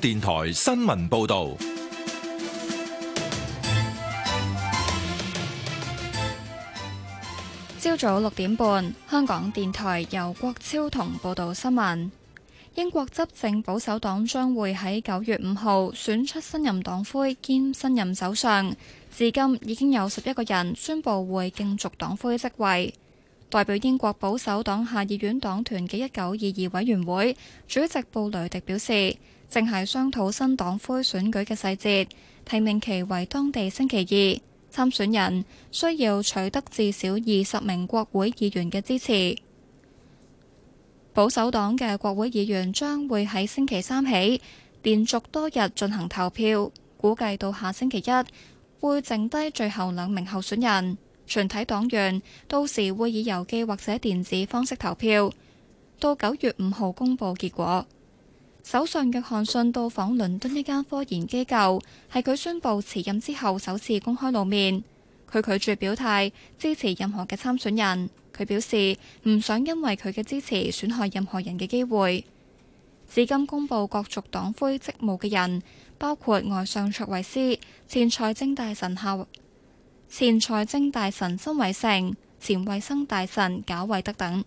電台新聞報道，朝早六點半，香港電台由郭超同報道新聞。英國執政保守黨將會喺九月五號選出新任黨魁兼新任首相。至今已經有十一個人宣布會競逐黨魁職位。代表英國保守黨下議院黨團嘅一九二二委員會主席布雷迪表示，正係商討新黨魁選舉嘅細節，提名期為當地星期二，參選人需要取得至少二十名國會議員嘅支持。保守黨嘅國會議員將會喺星期三起連續多日進行投票，估計到下星期一會剩低最後兩名候選人。全體黨員到時會以郵寄或者電子方式投票，到九月五號公佈結果。首相約翰遜到訪倫敦一間科研機構，係佢宣佈辭任之後首次公開露面。佢拒絕表態支持任何嘅參選人，佢表示唔想因為佢嘅支持損害任何人嘅機會。至今公佈各族黨魁職務嘅人包括外相卓維斯、前財政大臣夏、前財政大臣辛偉成、前衛生大臣賈維德等。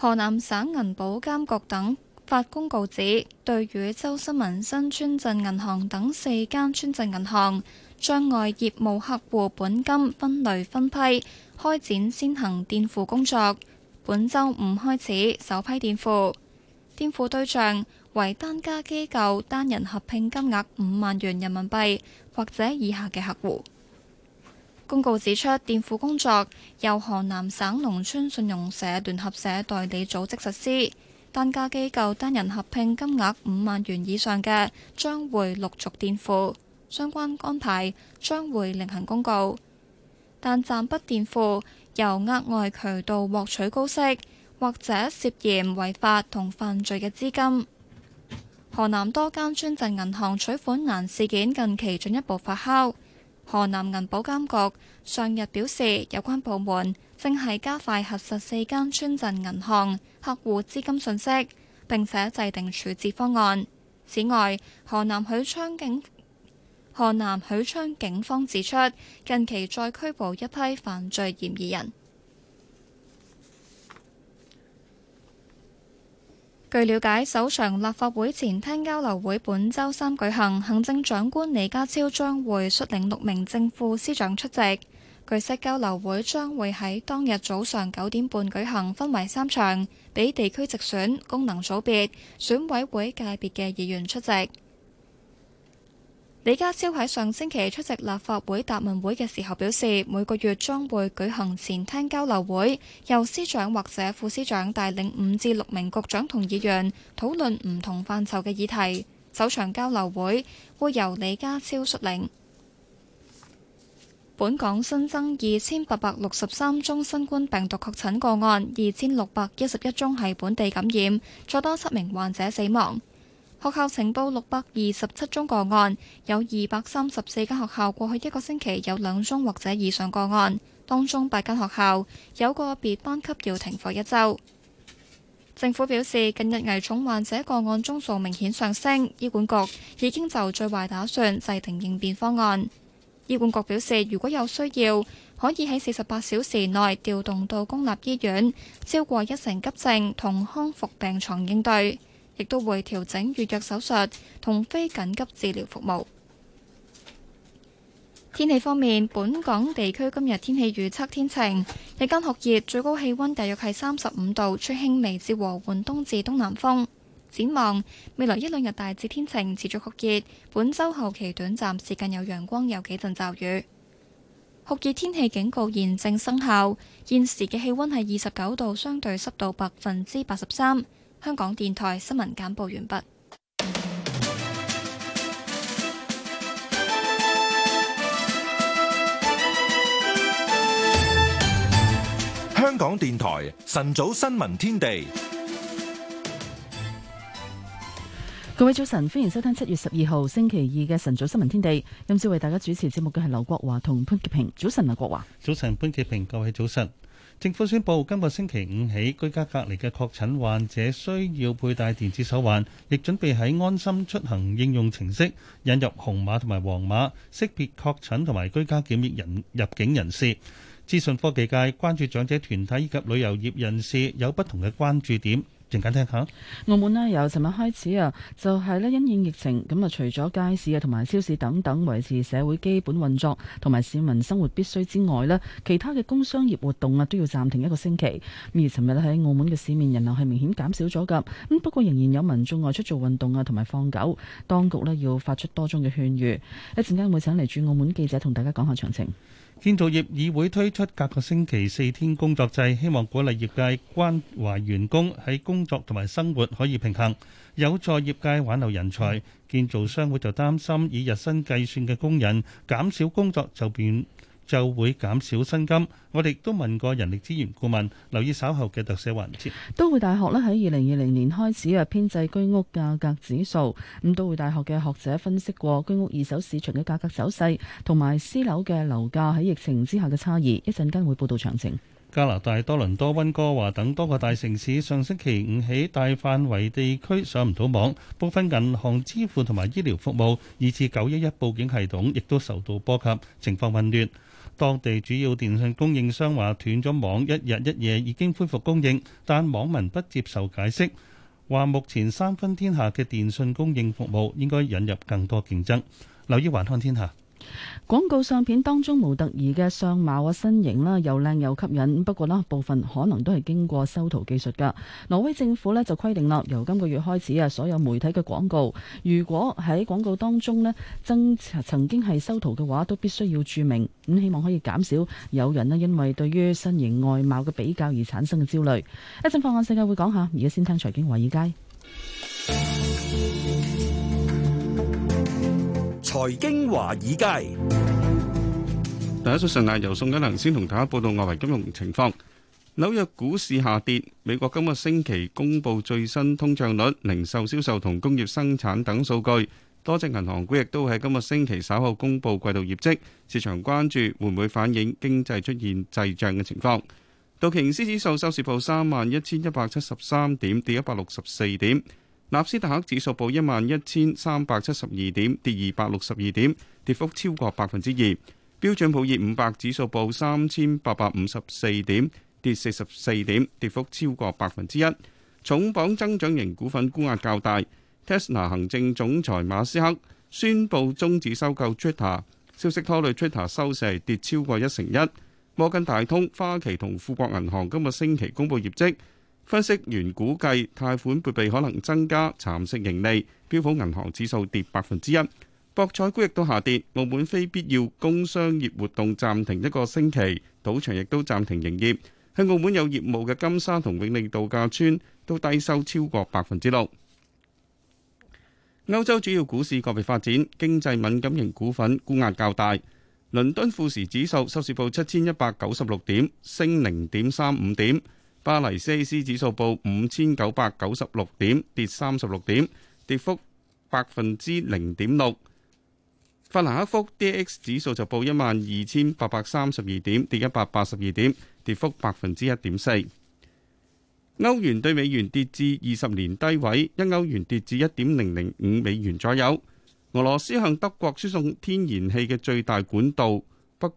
河南省銀保監局等發公告指，對禹州新民生村鎮銀行等四間村鎮銀行，將外業務客戶本金分類分批開展先行墊付工作。本週五開始首批墊付，墊付對象為單家機構單人合併金額五萬元人民幣或者以下嘅客戶。公告指出，墊付工作由河南省農村信用社聯合社代理組織實施，單家機構單人合併金額五萬元以上嘅將會陸續墊付，相關安排將會另行公告。但暫不墊付由額外渠道獲取高息或者涉嫌違法同犯罪嘅資金。河南多間村鎮銀行取款難事件近期進一步發酵。河南銀保監局上日表示，有關部門正係加快核實四間村鎮銀行客戶資金信息，並且制定處置方案。此外，河南許昌警河南許昌警方指出，近期再拘捕一批犯罪嫌疑人。據了解，首場立法會前廳交流會本周三舉行，行政長官李家超將會率領六名正副司長出席。據悉，交流會將會喺當日早上九點半舉行，分為三場，俾地區直選、功能組別、選委會界別嘅議員出席。李家超喺上星期出席立法會答問會嘅時候表示，每個月將會舉行前廳交流會，由司長或者副司長帶領五至六名局長同議員討論唔同範疇嘅議題。首場交流會會由李家超率領。本港新增二千八百六十三宗新冠病毒確診個案，二千六百一十一宗係本地感染，再多七名患者死亡。學校呈報六百二十七宗個案，有二百三十四間學校過去一個星期有兩宗或者以上個案，當中八間學校有個別班級要停課一周。政府表示，近日危重患者個案宗數明顯上升，醫管局已經就最壞打算制定應變方案。醫管局表示，如果有需要，可以喺四十八小時內調動到公立醫院超過一成急症同康復病床應對。亦都會調整預約手術同非緊急治療服務。天氣方面，本港地區今日天氣預測天晴，日間酷熱，最高氣温大約係三十五度，吹輕微至和緩，東至東南風。展望未來一兩日大致天晴，持續酷熱。本週後期短暫時間有陽光，有幾陣驟雨。酷熱天氣警告現正生效，現時嘅氣温係二十九度，相對濕度百分之八十三。香港電台新聞簡報完畢。香港電台晨早新聞天地，各位早晨，歡迎收聽七月十二號星期二嘅晨早新聞天地。今次為大家主持節目嘅係劉國華同潘潔平。早晨，劉國華。早晨，潘潔平。各位早晨。政府宣布，今個星期五起，居家隔離嘅確診患者需要佩戴電子手環，亦準備喺安心出行應用程式引入紅碼同埋黃碼，識別確診同埋居家檢疫人入境人士。資訊科技界關注長者團體以及旅遊業人士有不同嘅關注點。陣間聽下。澳門咧由尋日開始啊，就係、是、咧因應疫情咁啊，除咗街市啊同埋超市等等維持社會基本運作同埋市民生活必需之外咧，其他嘅工商業活動啊都要暫停一個星期。而尋日喺澳門嘅市面人流係明顯減少咗噶，咁不過仍然有民眾外出做運動啊，同埋放狗，當局咧要發出多宗嘅勸喻。一陣間會請嚟駐澳門記者同大家講下詳情。建造業議會推出隔個星期四天工作制，希望鼓勵業界關懷員工喺工作同埋生活可以平衡，有助業界挽留人才。建造商會就擔心以日薪計算嘅工人減少工作就變，就會減少薪金。我哋亦都問過人力資源顧問，留意稍後嘅特寫環節。都會大學咧，喺二零二零年開始嘅編製居屋價格指數。咁都會大學嘅學者分析過居屋二手市場嘅價格走勢，同埋私樓嘅樓價喺疫情之下嘅差異。一陣間會報道詳情。加拿大多倫多、溫哥華等多個大城市上星期五起大範圍地區上唔到網，部分銀行支付同埋醫療服務、以至九一一報警系統亦都受到波及，情況混亂。當地主要電信供應商話斷咗網，一日一夜已經恢復供應，但網民不接受解釋，話目前三分天下嘅電信供應服務應該引入更多競爭。留意環看天下。廣告相片當中模特兒嘅相貌啊、身形啦，又靚又吸引。不過啦，部分可能都係經過修圖技術㗎。挪威政府咧就規定啦，由今個月開始啊，所有媒體嘅廣告，如果喺廣告當中咧曾曾經係修圖嘅話，都必須要注明。咁希望可以減少有人咧因為對於身形外貌嘅比較而產生嘅焦慮。一陣放眼世界會講下，而家先聽財經華爾街。財經華爾街，大家早晨啊！由宋嘉良先同大家報道外圍金融情況。紐約股市下跌，美國今個星期公布最新通脹率、零售銷售同工業生產等數據。多隻銀行股亦都喺今個星期稍後公布季度業績，市場關注會唔會反映經濟出現滯脹嘅情況。道瓊斯指數收市報三萬一千一百七十三點，跌一百六十四點。納斯達克指數報一萬一千三百七十二點，跌二百六十二點，跌幅超過百分之二。標準普爾五百指數報三千八百五十四點，跌四十四點，跌幅超過百分之一。重磅增長型股份沽壓較大。特斯拉行政總裁馬斯克宣布終止收購 Twitter，消息拖累 Twitter 收市跌超過一成一。摩根大通、花旗同富國銀行今日星期公布業績。分析員估計貸款撥備可能增加，蠶食盈利。標普銀行指數跌百分之一，博彩股亦都下跌。澳門非必要工商業活動暫停一個星期，賭場亦都暫停營業。喺澳門有業務嘅金沙同永利度假村都低收超過百分之六。歐洲主要股市個別發展，經濟敏感型股份沽壓較大。倫敦富時指數收市報七千一百九十六點，升零點三五點。巴黎 CAC 指數報五千九百九十六點，跌三十六點，跌幅百分之零點六。法蘭克福 DAX 指數就報一萬二千八百三十二點，跌一百八十二點，跌幅百分之一點四。歐元對美元跌至二十年低位，一歐元跌至一點零零五美元左右。俄羅斯向德國輸送天然氣嘅最大管道北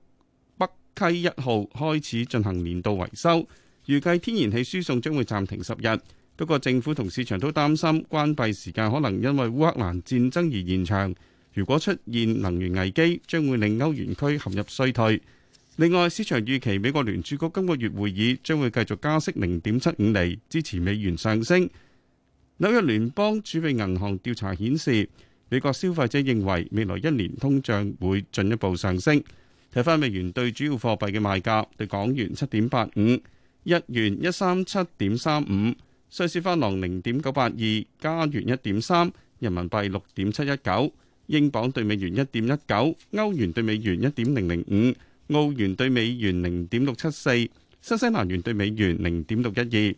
北溪一號開始進行年度維修。預計天然氣輸送將會暫停十日，不過政府同市場都擔心關閉時間可能因為烏克蘭戰爭而延長。如果出現能源危機，將會令歐元區陷入衰退。另外，市場預期美國聯儲局今個月會議將會繼續加息零點七五厘，支持美元上升。紐約聯邦儲備銀行調查顯示，美國消費者認為未來一年通脹會進一步上升。睇翻美元對主要貨幣嘅賣價，對港元七點八五。日元一三七點三五，瑞士法郎零點九八二，加元一點三，人民幣六點七一九，英鎊兌美元一點一九，歐元兌美元一點零零五，澳元兌美元零點六七四，新西蘭元兌美元零點六一二。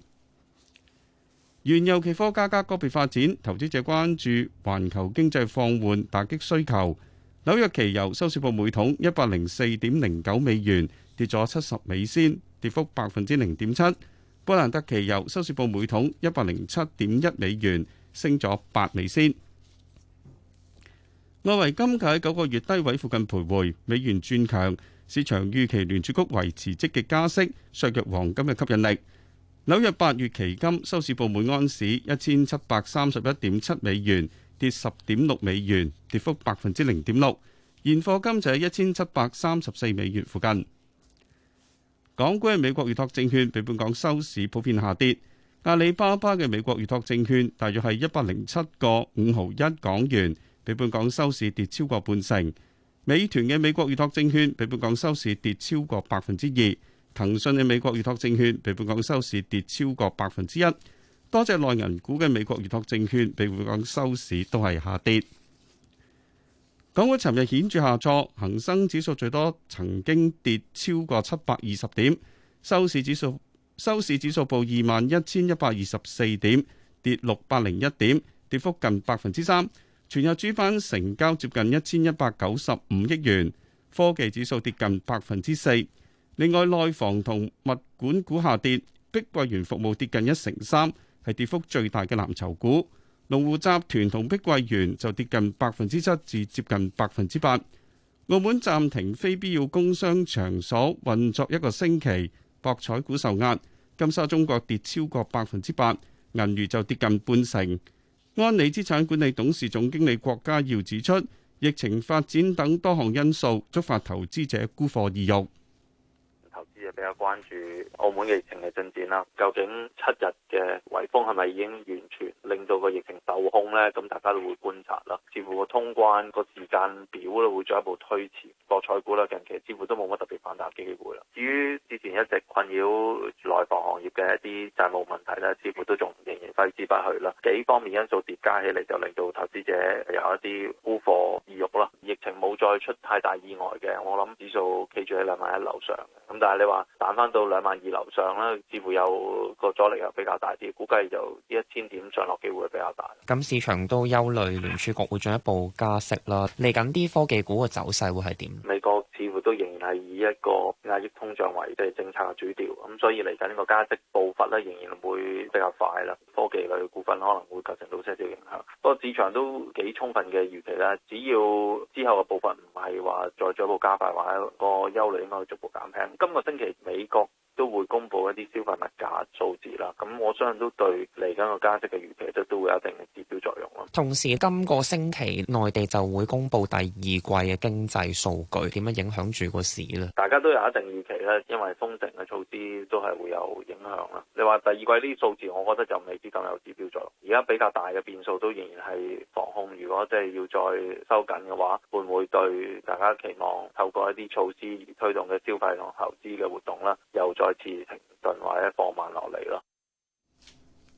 原油期貨價格個別發展，投資者關注環球經濟放緩打擊需求。紐約期油收市報每桶一百零四點零九美元，跌咗七十美仙。跌幅百分之零點七。布蘭特期油收市報每桶一百零七點一美元，升咗八美仙。外圍金價喺九個月低位附近徘徊，美元轉強，市場預期聯儲局維持積極加息，削弱黃金嘅吸引力。紐約八月期金收市報每安士一千七百三十一點七美元，跌十點六美元，跌幅百分之零點六。現貨金就喺一千七百三十四美元附近。港股嘅美國預託證券比本港收市普遍下跌。阿里巴巴嘅美國預託證券大約係一百零七個五毫一港元，比本港收市跌超過半成。美團嘅美國預託證券比本港收市跌超過百分之二。騰訊嘅美國預託證券比本港收市跌超過百分之一。多隻內銀股嘅美國預託證券比本港收市都係下跌。港股尋日顯著下挫，恒生指數最多曾經跌超過七百二十點，收市指數收市指數報二萬一千一百二十四點，跌六百零一點，跌幅近百分之三。全日主板成交接近一千一百九十五億元，科技指數跌近百分之四。另外，內房同物管股下跌，碧桂園服務跌近一成三，係跌幅最大嘅藍籌股。龍湖集團同碧桂園就跌近百分之七至接近百分之八。澳門暫停非必要工商場所運作一個星期，博彩股受壓。金沙中國跌超過百分之八，銀娛就跌近半成。安理資產管理董事總經理郭家耀指出，疫情發展等多項因素觸發投資者沽貨意欲。比較關注澳門疫情嘅進展啦，究竟七日嘅颶風係咪已經完全令到個疫情受控咧？咁大家都會觀察啦。似乎個通關個時間表咧會進一步推遲，博彩股啦近期似乎都冇乜特別反彈機會啦。至於之前一直困擾內房行業嘅一啲債務問題咧，似乎都仲仍然揮之不去啦。幾方面因素疊加起嚟，就令到投資者有一啲沽貨意欲咯。疫情冇再出太大意外嘅，我諗指數企住喺兩萬一樓上。咁但係你話，彈翻到兩萬二樓上啦，似乎有個阻力又比較大啲，估計就一千點上落機會比較大。咁市場都憂慮聯儲局會進一步加息啦。嚟緊啲科技股嘅走勢會係點？美國似乎係以一個壓抑通脹為即係政策嘅主調，咁所以嚟緊個加息步伐咧，仍然會比較快啦。科技類股份可能會造成到些少影響，個市場都幾充分嘅預期啦。只要之後嘅步伐唔係話再進一步加快，話，個憂慮應該逐步減輕。今個星期美國都會公布一啲消費物價數字啦，咁我相信都對嚟緊個加息嘅預期都都會有一定嘅指標作用咯。同時，今個星期內地就會公布第二季嘅經濟數據，點樣影響住個市呢？大家都有一定預期咧，因為封城嘅措施都係會有影響啦。你話第二季呢啲數字，我覺得就未必咁有指標作用。而家比較大嘅變數都仍然係防控，如果即係要再收緊嘅話，會唔會對大家期望透過一啲措施而推動嘅消費同投資嘅活動咧，又再再次停頓或者放慢落嚟咯。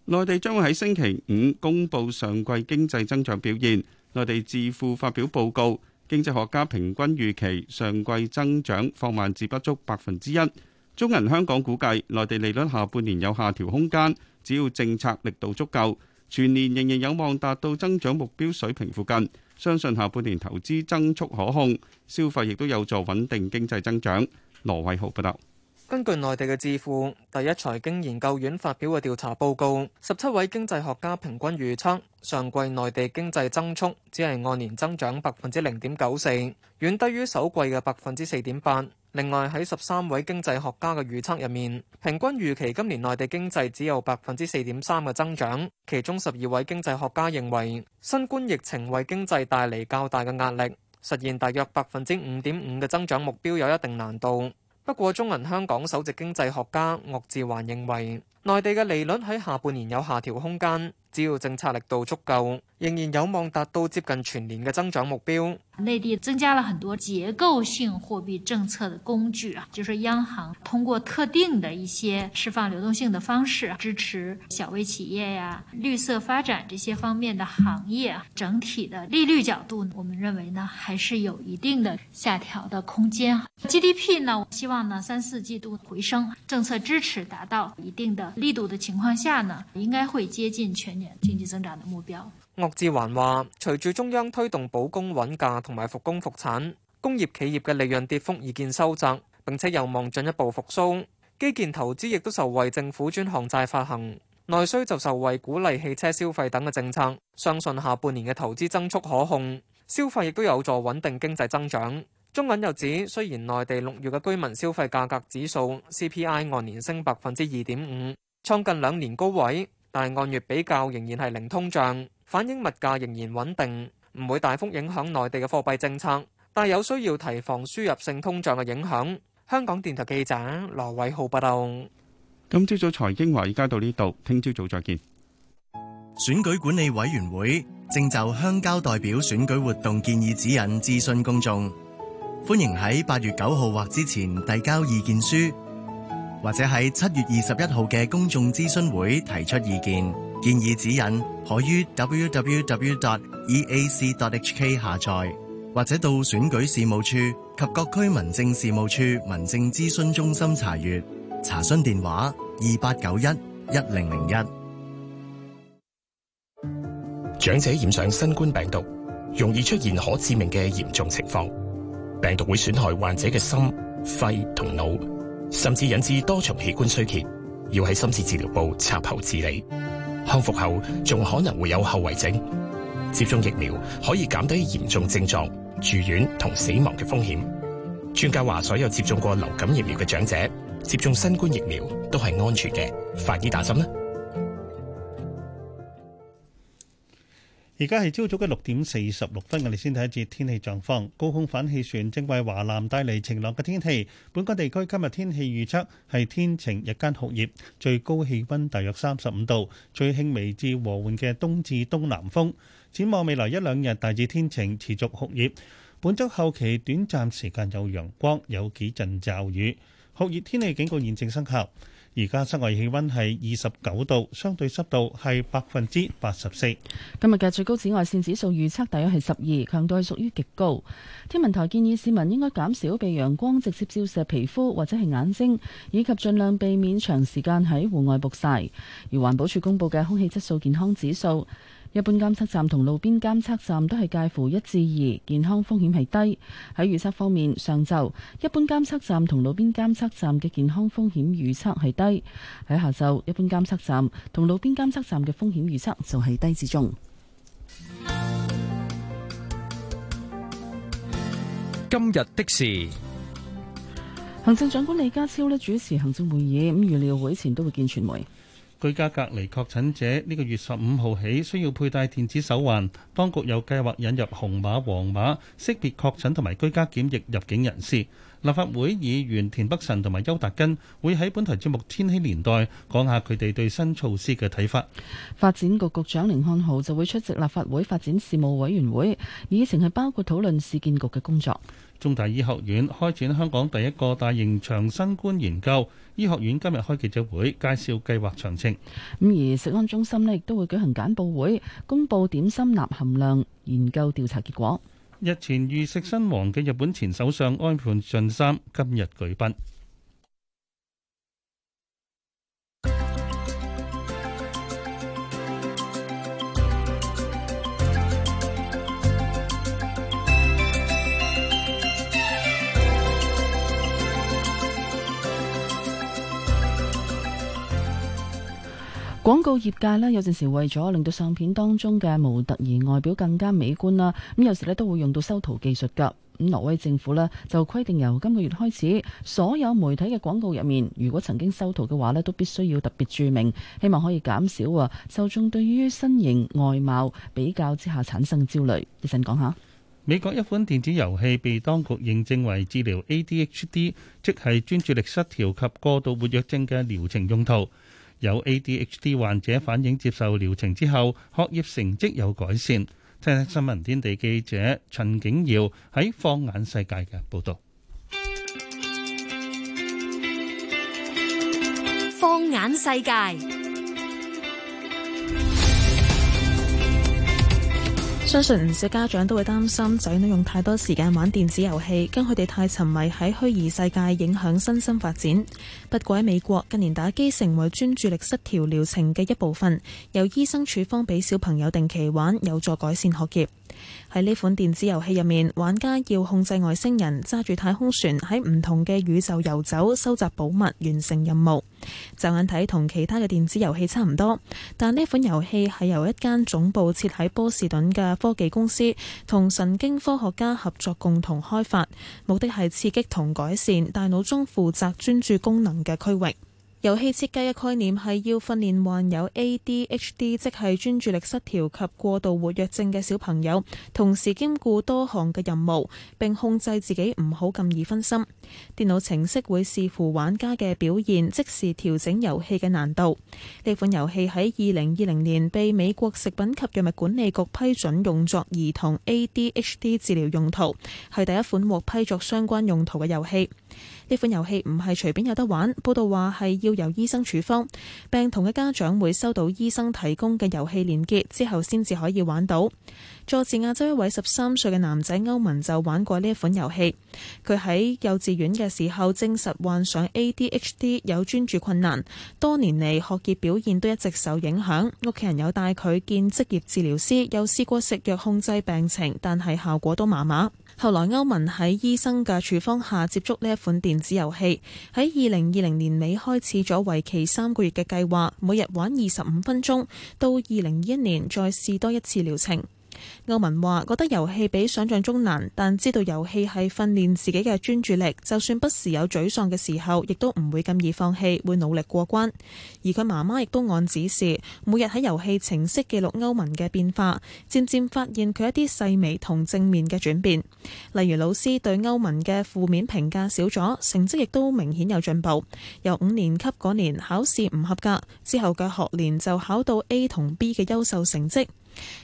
內地將會喺星期五公布上季經濟增長表現。內地智庫發表報告，經濟學家平均預期上季增長放慢至不足百分之一。中銀香港估計內地利率下半年有下調空間，只要政策力度足夠，全年仍然有望達到增長目標水平附近。相信下半年投資增速可控，消費亦都有助穩定經濟增長。羅偉豪報道。根據內地嘅智庫第一財經研究院發表嘅調查報告，十七位經濟學家平均預測上季內地經濟增速只係按年增長百分之零點九四，遠低於首季嘅百分之四點八。另外喺十三位經濟學家嘅預測入面，平均預期今年內地經濟只有百分之四點三嘅增長。其中十二位經濟學家認為，新冠疫情為經濟帶嚟較大嘅壓力，實現大約百分之五點五嘅增長目標有一定難度。不過，中銀香港首席經濟學家岳志環認為，內地嘅利率喺下半年有下調空間，只要政策力度足夠，仍然有望達到接近全年嘅增長目標。內地增加了很多結構性貨幣政策嘅工具啊，就是央行通過特定的一些釋放流動性嘅方式，支持小微企業呀、啊、綠色發展這些方面的行業。整體的利率角度，我們認為呢，還是有一定的下調嘅空間。GDP 呢，我希望呢三四季度回升，政策支持達到一定的。力度的情況下呢，應該會接近全年經濟增長嘅目標。岳志環話，隨住中央推動保供穩價同埋復工復產，工業企業嘅利潤跌幅已見收窄，並且有望進一步復甦。基建投資亦都受惠政府專項債發行，內需就受惠鼓勵汽車消費等嘅政策。相信下半年嘅投資增速可控，消費亦都有助穩定經濟增長。中銀又指，雖然內地六月嘅居民消費價格指數 CPI 按年升百分之二點五，創近兩年高位，但按月比較仍然係零通脹，反映物價仍然穩定，唔會大幅影響內地嘅貨幣政策，但有需要提防輸入性通脹嘅影響。香港電台記者羅偉浩報道。今朝早財經話，而家到呢度，聽朝早再見。選舉管理委員會正就鄉郊代表選舉活動建議指引諮詢公眾。歡迎喺八月九號或之前遞交意見書，或者喺七月二十一號嘅公眾諮詢會提出意見。建議指引，可於 www.eac.hk 下載，或者到選舉事務處及各區民政事務處民政諮詢中心查閱。查詢電話：二八九一一零零一。長者染上新冠病毒，容易出現可致命嘅嚴重情況。病毒會損害患者嘅心、肺同腦，甚至引致多重器官衰竭，要喺深切治療部插喉治理。康復後仲可能會有後遺症。接種疫苗可以減低嚴重症狀、住院同死亡嘅風險。專家話，所有接種過流感疫苗嘅長者接種新冠疫苗都係安全嘅。快啲打針啦。而家係朝早嘅六點四十六分，我哋先睇一節天氣狀況。高空反氣旋正為華南帶嚟晴朗嘅天氣。本港地區今日天氣預測係天晴，日間酷熱，最高氣溫大約三十五度，最輕微至和緩嘅東至東南風。展望未來一兩日，大致天晴，持續酷熱。本週後期短暫時間有陽光，有幾陣驟雨。酷熱天氣警告現正生效。而家室外氣温係二十九度，相對濕度係百分之八十四。今日嘅最高紫外線指數預測大約係十二，強度係屬於極高。天文台建議市民應該減少被陽光直接照射皮膚或者係眼睛，以及盡量避免長時間喺戶外曝曬。而環保署公布嘅空氣質素健康指數。一般監測站同路邊監測站都係介乎一至二，健康風險係低。喺預測方面，上晝一般監測站同路邊監測站嘅健康風險預測係低；喺下晝，一般監測站同路邊監測站嘅風險預測就係低至中。今日的事，行政長官李家超呢主持行政會議，咁預料會前都會見傳媒。居家隔離確診者呢個月十五號起需要佩戴電子手環，當局有計劃引入紅碼、黃碼識別確診同埋居家檢疫入境人士。立法會議員田北辰同埋邱達根會喺本台節目《千禧年代》講下佢哋對新措施嘅睇法。發展局局長凌漢豪就會出席立法會發展事務委員會，議程係包括討論市建局嘅工作。中大醫學院開展香港第一個大型長新冠研究，醫學院今日開記者會介紹計劃詳情。咁而食安中心呢亦都會舉行簡報會，公布點心鈉含量研究調查結果。日前遇食身亡嘅日本前首相安倍晉三今日舉殯。廣告業界咧有陣時為咗令到相片當中嘅模特兒外表更加美觀啦，咁有時咧都會用到修圖技術㗎。咁挪威政府咧就規定由今個月開始，所有媒體嘅廣告入面，如果曾經修圖嘅話咧，都必須要特別註明，希望可以減少啊受眾對於身形外貌比較之下產生焦慮。一陣講一下，美國一款電子遊戲被當局認證為治療 ADHD，即係專注力失調及過度活躍症嘅療程用途。有 ADHD 患者反映接受療程之後，學業成績有改善。聽下新聞天地記者陳景耀喺《放眼世界》嘅報道，《放眼世界》。相信唔少家長都會擔心仔女用太多時間玩電子遊戲，驚佢哋太沉迷喺虛擬世界，影響身心發展。不過喺美國，近年打機成為專注力失調療程嘅一部分，由醫生處方俾小朋友定期玩，有助改善學業。喺呢款電子遊戲入面，玩家要控制外星人揸住太空船喺唔同嘅宇宙遊走，收集寶物，完成任務。驟眼睇同其他嘅電子遊戲差唔多，但呢款遊戲係由一間總部設喺波士頓嘅。科技公司同神經科學家合作，共同開發，目的係刺激同改善大腦中負責專注功能嘅區域。遊戲設計嘅概念係要訓練患有 ADHD，即係專注力失調及過度活躍症嘅小朋友，同時兼顧多項嘅任務，並控制自己唔好咁易分心。電腦程式會視乎玩家嘅表現，即時調整遊戲嘅難度。呢款遊戲喺二零二零年被美國食品及藥物管理局批准用作兒童 ADHD 治療用途，係第一款獲批作相關用途嘅遊戲。呢款遊戲唔係隨便有得玩，報道話係要由醫生處方，病童嘅家長會收到醫生提供嘅遊戲連結，之後，先至可以玩到。佐治亞州一位十三歲嘅男仔歐文就玩過呢一款遊戲。佢喺幼稚園嘅時候證實患上 ADHD，有專注困難，多年嚟學業表現都一直受影響。屋企人有帶佢見職業治療師，又試過食藥控制病情，但係效果都麻麻。後來歐文喺醫生嘅處方下接觸呢一款電子遊戲，喺二零二零年尾開始咗為期三個月嘅計劃，每日玩二十五分鐘，到二零二一年再試多一次療程。歐文話：覺得遊戲比想象中難，但知道遊戲係訓練自己嘅專注力。就算不時有沮喪嘅時候，亦都唔會咁易放棄，會努力過關。而佢媽媽亦都按指示，每日喺遊戲程式記錄歐文嘅變化，漸漸發現佢一啲細微同正面嘅轉變。例如老師對歐文嘅負面評價少咗，成績亦都明顯有進步。由五年級嗰年考試唔合格，之後嘅學年就考到 A 同 B 嘅優秀成績。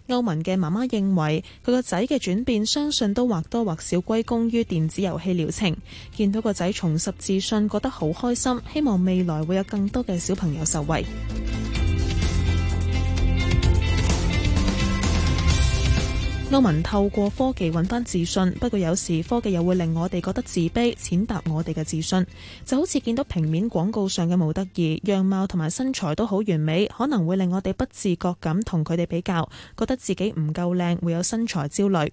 歐文嘅媽媽認為佢個仔嘅轉變，相信都或多或少歸功於電子遊戲療程。見到個仔重拾自信，覺得好開心，希望未來會有更多嘅小朋友受惠。歐文透過科技揾翻自信，不過有時科技又會令我哋覺得自卑，踐踏我哋嘅自信，就好似見到平面廣告上嘅模特兒樣貌同埋身材都好完美，可能會令我哋不自覺咁同佢哋比較，覺得自己唔夠靚，會有身材焦慮。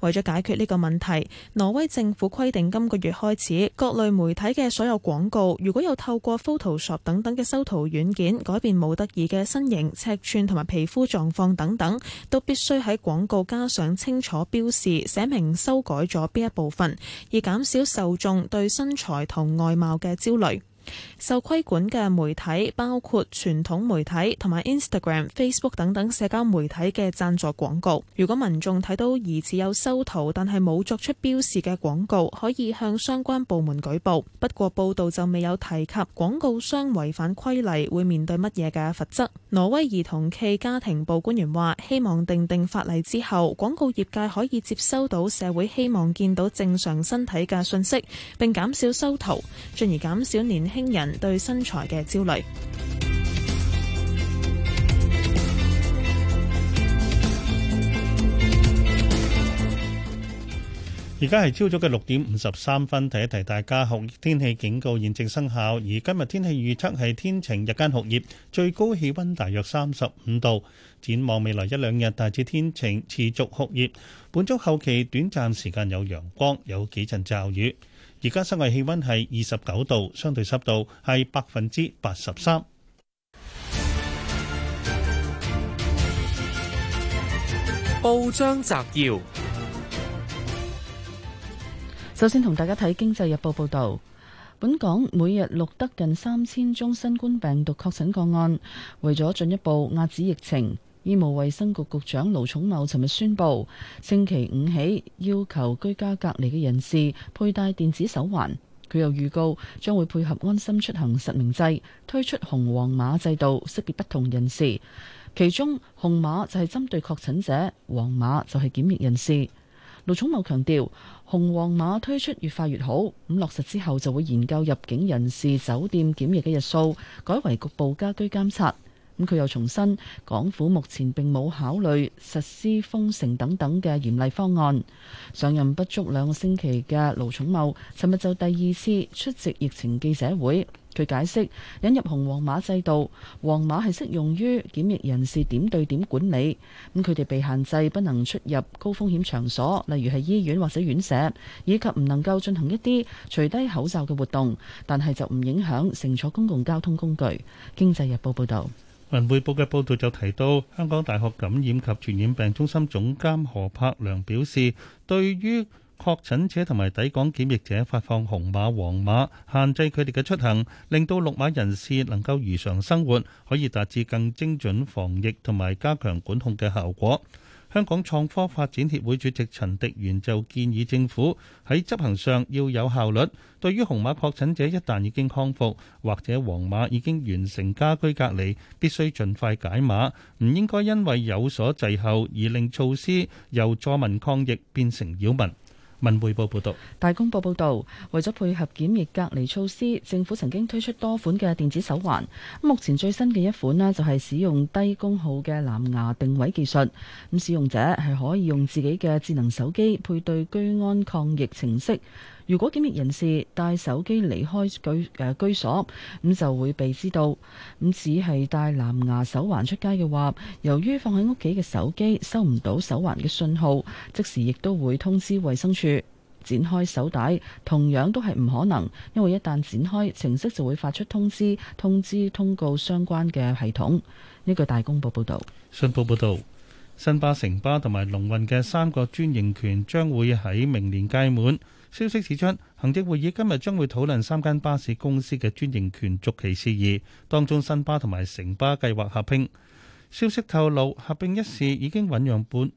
為咗解決呢個問題，挪威政府規定今個月開始，各類媒體嘅所有廣告，如果有透過 Photoshop 等等嘅修圖軟件改變模特兒嘅身形、尺寸同埋皮膚狀況等等，都必須喺廣告加上清楚標示，寫明修改咗邊一部分，以減少受眾對身材同外貌嘅焦慮。受規管嘅媒體包括傳統媒體同埋 Instagram、Facebook 等等社交媒體嘅贊助廣告。如果民眾睇到疑似有修圖但係冇作出標示嘅廣告，可以向相關部門舉報。不過報道就未有提及廣告商違反規例會面對乜嘢嘅罰則。挪威兒童暨家庭部官員話：希望訂定法例之後，廣告業界可以接收到社會希望見到正常身體嘅信息，並減少修圖，進而減少年輕輕人對身材嘅焦慮。而家係朝早嘅六點五十三分，提一提大家酷熱天氣警告現正生效。而今日天氣預測係天晴日間酷熱，最高氣温大約三十五度。展望未來一兩日大致天晴，持續酷熱。本周後期短暫時間有陽光，有幾陣驟雨。而家室外氣溫係二十九度，相對濕度係百分之八十三。報章摘要：首先同大家睇經濟日報報道，本港每日錄得近三千宗新冠病毒確診個案，為咗進一步遏止疫情。醫務衛生局局長盧寵茂尋日宣布，星期五起要求居家隔離嘅人士佩戴電子手環。佢又預告將會配合安心出行實名制推出紅黃碼制度，識別不同人士。其中紅碼就係針對確診者，黃碼就係檢疫人士。盧寵茂強調，紅黃碼推出越快越好。咁落實之後就會研究入境人士酒店檢疫嘅日數改為局部家居監察。咁佢又重申，港府目前並冇考慮實施封城等等嘅嚴厲方案。上任不足兩個星期嘅盧寵茂，尋日就第二次出席疫情記者會。佢解釋引入紅黃碼制度，黃碼係適用於檢疫人士點對點管理。咁佢哋被限制不能出入高風險場所，例如係醫院或者院舍，以及唔能夠進行一啲除低口罩嘅活動。但係就唔影響乘坐公共交通工具。經濟日報報導。文匯報嘅報道就提到，香港大學感染及傳染病中心總監何柏良表示，對於確診者同埋抵港檢疫者發放紅碼、黃碼，限制佢哋嘅出行，令到綠碼人士能夠如常生活，可以達至更精準防疫同埋加強管控嘅效果。香港創科發展協會主席陳迪源就建議政府喺執行上要有效率，對於紅碼確診者一旦已經康復或者黃碼已經完成家居隔離，必須盡快解碼，唔應該因為有所滯後而令措施由助民抗疫變成擾民。文匯報報道，大公報報道，為咗配合檢疫隔離措施，政府曾經推出多款嘅電子手環。目前最新嘅一款呢，就係使用低功耗嘅藍牙定位技術。咁使用者係可以用自己嘅智能手機配對居安抗疫程式。如果檢疫人士帶手機離開居誒、呃、居所，咁就會被知道。咁只係帶藍牙手環出街嘅話，由於放喺屋企嘅手機收唔到手環嘅信號，即時亦都會通知衛生署。展開手帶同樣都係唔可能，因為一旦展開程式就會發出通知，通知通告相關嘅系統。呢個大公報報，報報導，信報報導新巴、城巴同埋龍運嘅三個專營權將會喺明年屆滿。消息指出，行政會議今日將會討論三間巴士公司嘅專營權續期事宜，當中新巴同埋城巴計劃合併。消息透露，合併一事已經醞釀半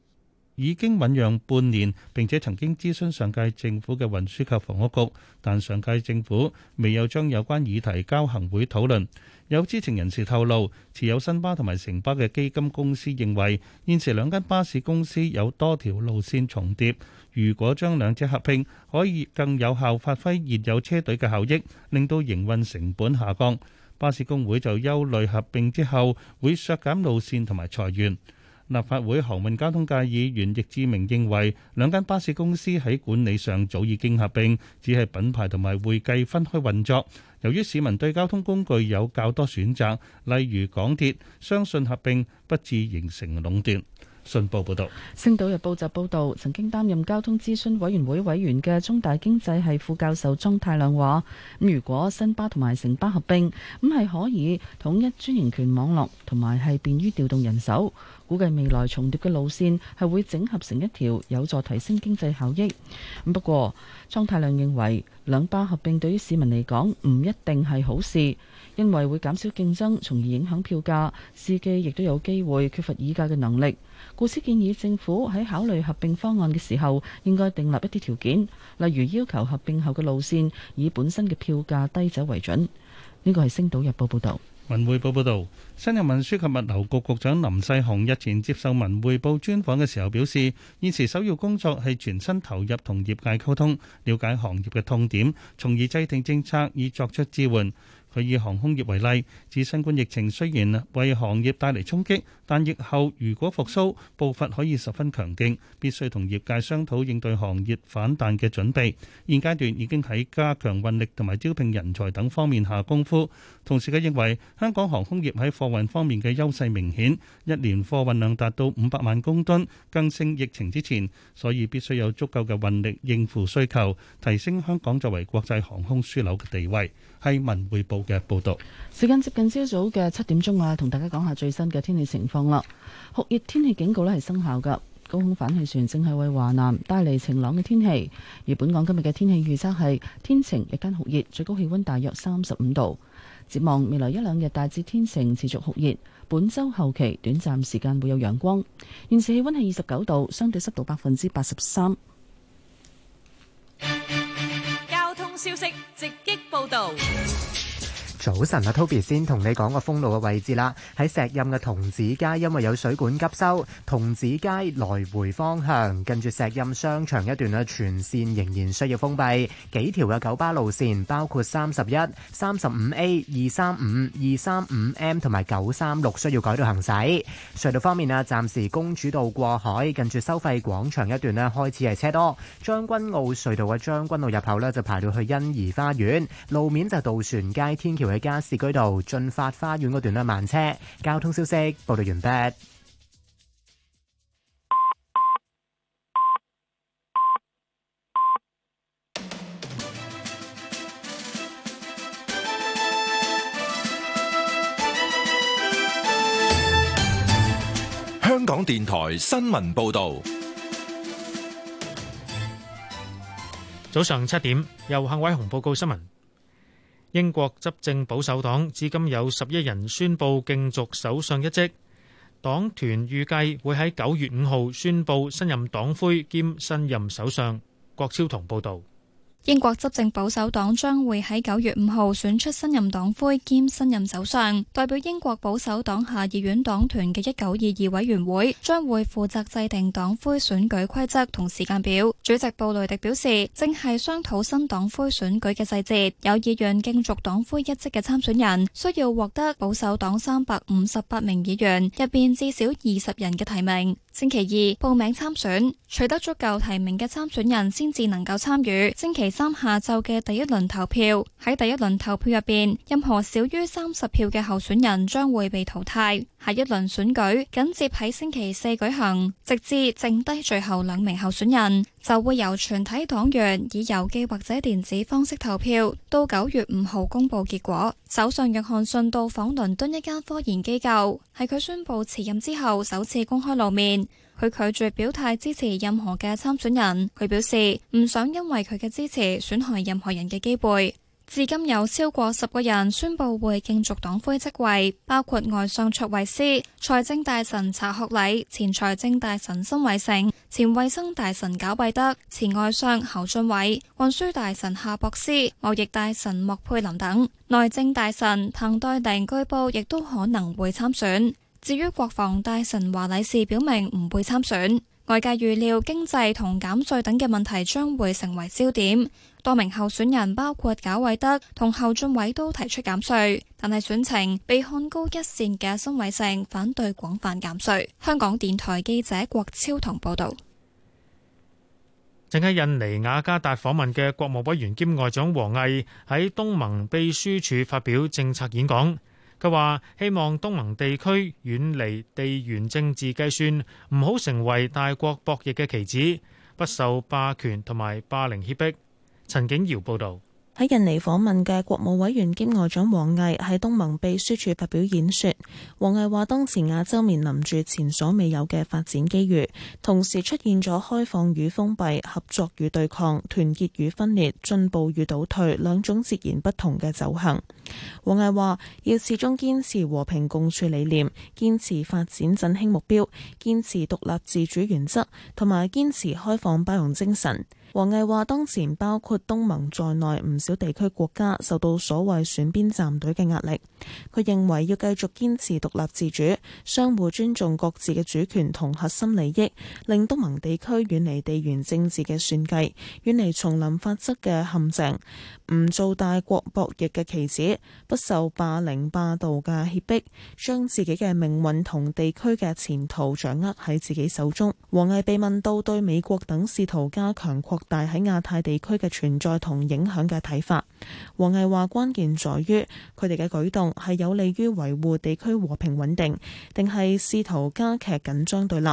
已經醞釀半年，並且曾經諮詢上屆政府嘅運輸及房屋局，但上屆政府未有將有關議題交行會討論，有知情人士透露，持有新巴同埋城巴嘅基金公司認為，現時兩間巴士公司有多條路綫重疊。如果將兩者合併，可以更有效發揮現有車隊嘅效益，令到營運成本下降。巴士工會就憂慮合併之後會削減路線同埋裁員。立法會航運交通界議員易志明認為，兩間巴士公司喺管理上早已經合併，只係品牌同埋會計分開運作。由於市民對交通工具有較多選擇，例如港鐵，相信合併不至形成壟斷。信報報導，《星島日報》就報導，曾經擔任交通諮詢委員會委員嘅中大經濟系副教授莊太亮話：咁如果新巴同埋城巴合併，咁係可以統一專營權網絡，同埋係便於調動人手。估計未來重疊嘅路線係會整合成一條，有助提升經濟效益。咁不過，莊太亮認為兩巴合併對於市民嚟講唔一定係好事。因為會減少競爭，從而影響票價，司機亦都有機會缺乏議價嘅能力。故此建議政府喺考慮合併方案嘅時候，應該訂立一啲條件，例如要求合併後嘅路線以本身嘅票價低者為準。呢個係《星島日報》報導，《文匯報》報導，新任文書及物流局局長林世雄日前接受《文匯報》專訪嘅時候表示，現時首要工作係全心投入同業界溝通，了解行業嘅痛點，從而制定政策以作出支援。佢以航空業為例，指新冠疫情雖然為行業帶嚟衝擊，但疫後如果復甦步伐可以十分強勁，必須同業界商討應對行業反彈嘅準備。現階段已經喺加強運力同埋招聘人才等方面下功夫。同時佢認為香港航空業喺貨運方面嘅優勢明顯，一年貨運量達到五百萬公噸，更勝疫情之前，所以必須有足夠嘅運力應付需求，提升香港作為國際航空樞紐嘅地位。係文匯報嘅報道。時間接近朝早嘅七點鐘啊，同大家講下最新嘅天氣情況啦。酷熱天氣警告咧係生效噶，高空反氣旋正係為華南帶嚟晴朗嘅天氣。而本港今日嘅天氣預測係天晴，日間酷熱，最高氣溫大約三十五度。展望未來一兩日大致天晴，持續酷熱。本周後期短暫時間會有陽光。現時氣溫係二十九度，相對濕度百分之八十三。 消息直擊報導。早晨阿 Toby 先同你講個封路嘅位置啦。喺石蔭嘅童子街，因為有水管急修，童子街來回方向，近住石蔭商場一段咧，全線仍然需要封閉。幾條嘅九巴路線，包括三十一、三十五 A、二三五、二三五 M 同埋九三六，需要改道行駛。隧道方面啊，暫時公主道過海，近住收費廣場一段咧，開始係車多。將軍澳隧道嘅將軍澳入口咧，就排到去欣怡花園。路面就渡船街天橋。加士居道，駿發花園嗰段咧，慢車。交通消息報道完畢。香港電台新聞報道，早上七點由幸偉雄報告新聞。英國執政保守黨至今有十一人宣布競逐首相一職，黨團預計會喺九月五號宣布新任黨魁兼新任首相。郭超同報導。英國執政保守黨將會喺九月五號選出新任黨魁兼新任首相，代表英國保守黨下議院黨團嘅一九二二委員會將會負責製定黨魁選舉規則同時間表。主席布雷迪表示，正係商討新黨魁選舉嘅細節。有意願競逐黨魁一職嘅參選人需要獲得保守黨三百五十八名議員入邊至少二十人嘅提名。星期二報名參選，取得足夠提名嘅參選人先至能夠參與星期三下晝嘅第一輪投票。喺第一輪投票入邊，任何少於三十票嘅候選人將會被淘汰。下一輪選舉緊接喺星期四舉行，直至剩低最後兩名候選人。就會由全體黨員以郵寄或者電子方式投票，到九月五號公布結果。首相約翰遜到訪倫敦一間科研機構，係佢宣布辭任之後首次公開露面。佢拒絕表態支持任何嘅參選人，佢表示唔想因為佢嘅支持損害任何人嘅機會。至今有超過十個人宣布會競逐黨魁職位，包括外相卓慧思、財政大臣查學禮、前財政大臣辛偉誠、前衛生大臣賈偉德、前外相侯俊偉、運輸大臣夏博斯、貿易大臣莫佩林等。內政大臣彭黛玲據報亦都可能會參選。至於國防大臣華禮士，表明唔會參選。外界預料經濟同減稅等嘅問題將會成為焦點。多名候選人包括賈偉德同侯俊偉都提出減稅，但係選情被看高一線嘅辛偉誠反對廣泛減稅。香港電台記者郭超同報道。正喺印尼雅加達訪問嘅國務委員兼外長王毅喺東盟秘書處發表政策演講，佢話希望東盟地區遠離地緣政治計算，唔好成為大國博弈嘅棋子，不受霸權同埋霸凌脅迫。陳景堯報道，喺印尼訪問嘅國務委員兼外長王毅喺東盟秘書處發表演說。王毅話，當前亞洲面臨住前所未有嘅發展機遇，同時出現咗開放與封閉、合作與對抗、團結與分裂、進步與倒退兩種截然不同嘅走向。王毅話，要始終堅持和平共處理念，堅持發展振興目標，堅持獨立自主原則，同埋堅持開放包容精神。王毅話：當前包括東盟在內唔少地區國家受到所謂選邊站隊嘅壓力。佢認為要繼續堅持獨立自主，相互尊重各自嘅主權同核心利益，令東盟地區遠離地緣政治嘅算計，遠離叢林法則嘅陷阱，唔做大國博弈嘅棋子，不受霸凌霸道嘅脅迫，將自己嘅命運同地區嘅前途掌握喺自己手中。王毅被問到對美國等試圖加強擴。大喺亞太地區嘅存在同影響嘅睇法，王毅話，關鍵在於佢哋嘅舉動係有利於維護地區和平穩定，定係試圖加劇緊張對立；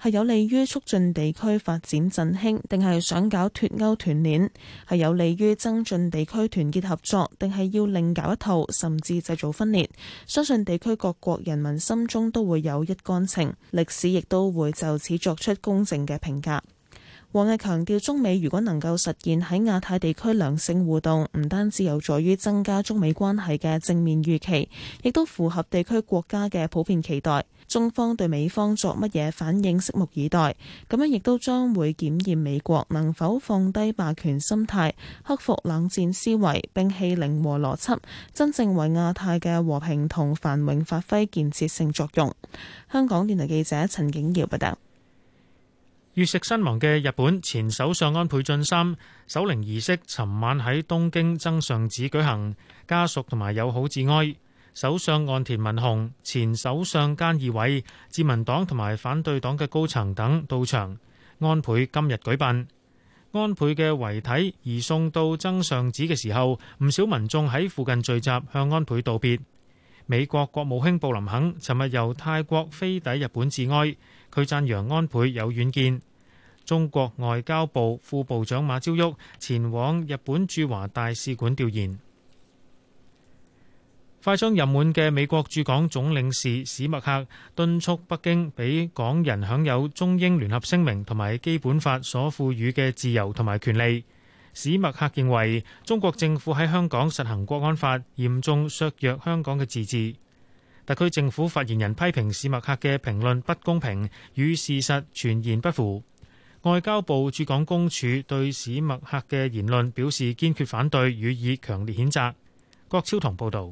係有利於促進地區發展振興，定係想搞脫歐斷鏈，係有利於增進地區團結合作，定係要另搞一套，甚至製造分裂。相信地區各國人民心中都會有一杆秤，歷史亦都會就此作出公正嘅評價。王毅強調，中美如果能夠實現喺亞太地區良性互動，唔單止有助於增加中美關係嘅正面預期，亦都符合地區國家嘅普遍期待。中方對美方作乜嘢反應，拭目以待。咁樣亦都將會檢驗美國能否放低霸權心態，克服冷戰思維、摒棄零和邏輯，真正為亞太嘅和平同繁榮發揮建設性作用。香港電台記者陳景堯報道。越食身亡嘅日本前首相安倍晉三守靈儀式，尋晚喺東京增上寺舉行，家屬同埋友好致哀。首相岸田文雄、前首相菅義偉、自民黨同埋反對黨嘅高層等到場。安倍今日舉辦。安倍嘅遺體移送到增上寺嘅時候，唔少民眾喺附近聚集向安倍道別。美國國務卿布林肯尋日由泰國飛抵日本致哀。佢讚揚安倍有遠見。中國外交部副部長馬朝旭前往日本駐華大使館調研。 快將任滿嘅美國駐港總領事史麥克敦促北京俾港人享有中英聯合聲明同埋基本法所賦予嘅自由同埋權利。史麥克認為中國政府喺香港實行國安法，嚴重削弱香港嘅自治。特區政府發言人批評史密克嘅評論不公平，與事實全然不符。外交部駐港公署對史密克嘅言論表示堅決反對，予以強烈譴責。郭超同報道。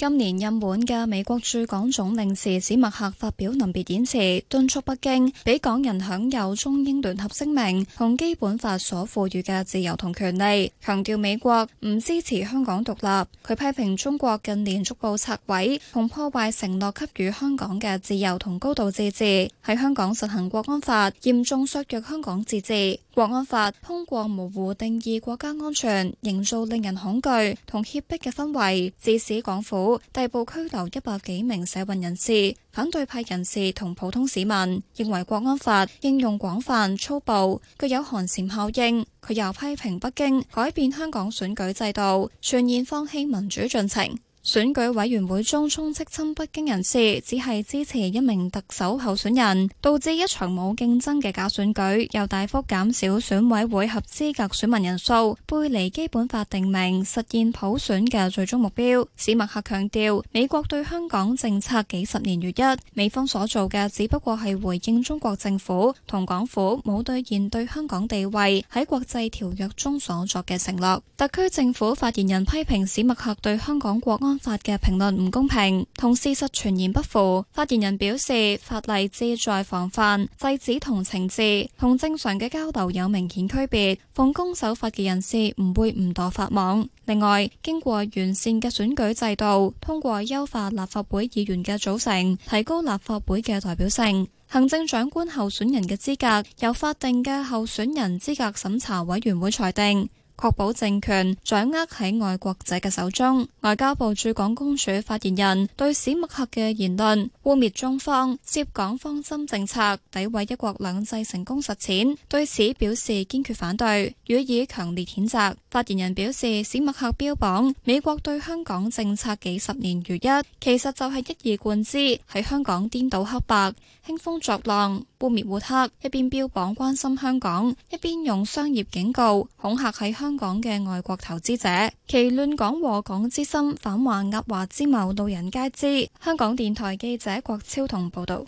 今年任滿嘅美國駐港總領事史默克發表臨別演辭，敦促北京俾港人享有中英聯合聲明同基本法所賦予嘅自由同權利，強調美國唔支持香港獨立。佢批評中國近年逐步拆毀同破壞承諾給予香港嘅自由同高度自治，喺香港實行國安法，嚴重削弱香港自治。國安法通過模糊定義國家安全，營造令人恐懼同脅迫嘅氛圍，致使港府，逮捕拘留一百幾名社運人士、反對派人士同普通市民，認為國安法應用廣泛、粗暴，具有寒蟬效應。佢又批評北京改變香港選舉制度，全面放棄民主進程。選舉委員會中充斥親北京人士，只係支持一名特首候選人，導致一場冇競爭嘅假選舉，又大幅減少選委會合資格選民人數，背離基本法訂明實現普選嘅最終目標。史密克強調，美國對香港政策幾十年如一，美方所做嘅只不過係回應中國政府同港府冇兌現對香港地位喺國際條約中所作嘅承諾。特區政府發言人批評史密克對香港國安。法嘅評論唔公平同事實全然不符。發言人表示，法例志在防範制止同懲治，同正常嘅交流有明顯區別。奉公守法嘅人士唔會唔墮法網。另外，經過完善嘅選舉制度，通過優化立法會議員嘅組成，提高立法會嘅代表性。行政長官候選人嘅資格由法定嘅候選人資格審查委員會裁定。確保政權掌握喺外國仔嘅手中。外交部駐港公署發言人對史密克嘅言論污衊中方、涉港方針政策、詆毀一國兩制成功實踐，對此表示堅決反對，予以強烈譴責。發言人表示，史密克標榜美國對香港政策幾十年如一，其實就係一而貫之，喺香港顛倒黑白、興風作浪、污衊抹黑，一邊標榜關心香港，一邊用商業警告恐嚇喺香。香港嘅外國投資者，其亂港禍港之心，反華壓華之謀，路人皆知。香港電台記者郭超同報道，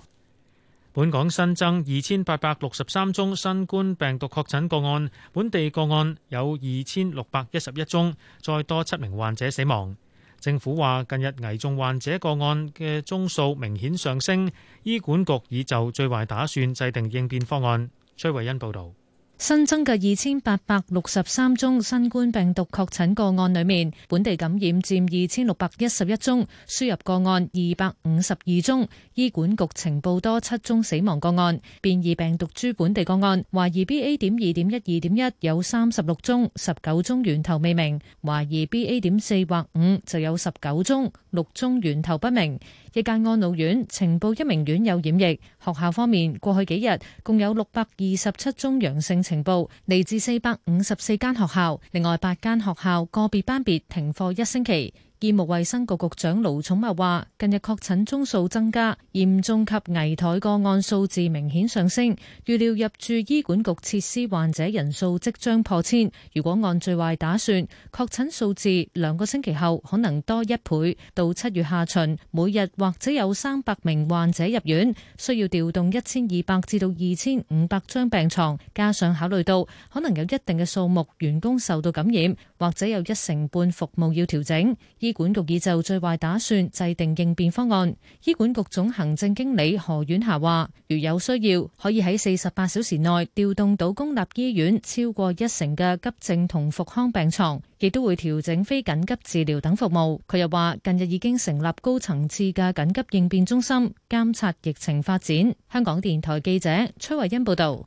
本港新增二千八百六十三宗新冠病毒確診個案，本地個案有二千六百一十一宗，再多七名患者死亡。政府話近日危重患者個案嘅宗數明顯上升，醫管局已就最壞打算制定應變方案。崔慧恩報道。新增嘅二千八百六十三宗新冠病毒確診個案裏面，本地感染佔二千六百一十一宗，輸入個案二百五十二宗。醫管局情報多七宗死亡個案，變異病毒株本地個案懷疑 B A 點二點一二點一有三十六宗，十九宗源頭未明，懷疑 B A 點四或五就有十九宗。六宗源頭不明，一間安老院呈報一名院友染疫。學校方面，過去幾日共有六百二十七宗陽性呈報嚟自四百五十四間學校，另外八間學校個別班別停課一星期。醫務衛生局局長盧寵茂話，近日確診宗數增加，嚴重及危殆個案數字明顯上升，預料入住醫管局設施患者人數即將破千。如果按最壞打算，確診數字兩個星期後可能多一倍，到七月下旬，每日或者有三百名患者入院，需要調動一千二百至到二千五百張病床，加上考慮到可能有一定嘅數目員工受到感染，或者有一成半服務要調整。醫管局已就最壞打算制定應變方案。醫管局總行政經理何婉霞話，如有需要，可以喺四十八小時內調動到公立醫院超過一成嘅急症同復康病床，亦都會調整非緊急治療等服務。佢又話，近日已經成立高層次嘅緊急應變中心，監察疫情發展。香港電台記者崔慧欣報道。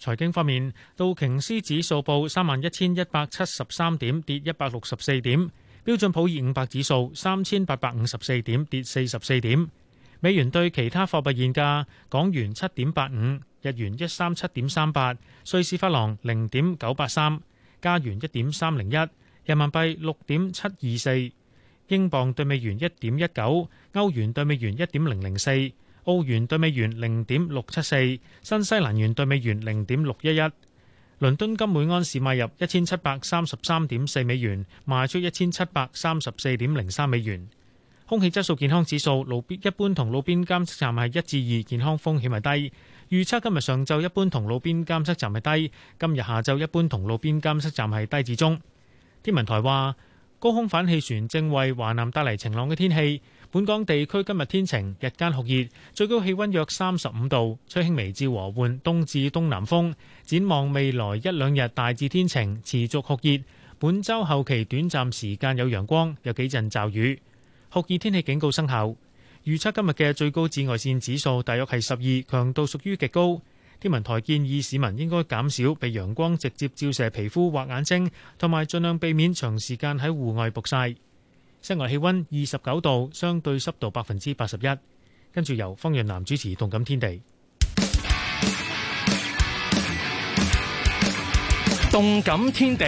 財經方面，道瓊斯指數報三萬一千一百七十三點，跌一百六十四點。標準普爾五百指數三千八百五十四點，跌四十四點。美元對其他貨幣現價：港元七點八五，日元一三七點三八，瑞士法郎零點九八三，加元一點三零一，人民幣六點七二四，英鎊對美元一點一九，歐元對美元一點零零四，澳元對美元零點六七四，新西蘭元對美元零點六一一。倫敦金每安士買入一千七百三十三點四美元，賣出一千七百三十四點零三美元。空氣質素健康指數路邊一般同路邊監測站係一至二，健康風險係低。預測今日上晝一般同路邊監測站係低，今日下晝一般同路邊監測站係低至中。天文台話，高空反氣旋正為華南帶嚟晴朗嘅天氣。本港地區今日天晴，日間酷熱，最高氣温約三十五度，吹輕微至和緩東至東南風。展望未來一兩日大致天晴，持續酷熱。本周後期短暫時間有陽光，有幾陣驟雨。酷熱天氣警告生效。預測今日嘅最高紫外線指數大約係十二，強度屬於極高。天文台建議市民應該減少被陽光直接照射皮膚或眼睛，同埋盡量避免長時間喺戶外曝曬。室外氣溫二十九度，相對濕度百分之八十一。跟住由方潤南主持《動感天地》。《動感天地》，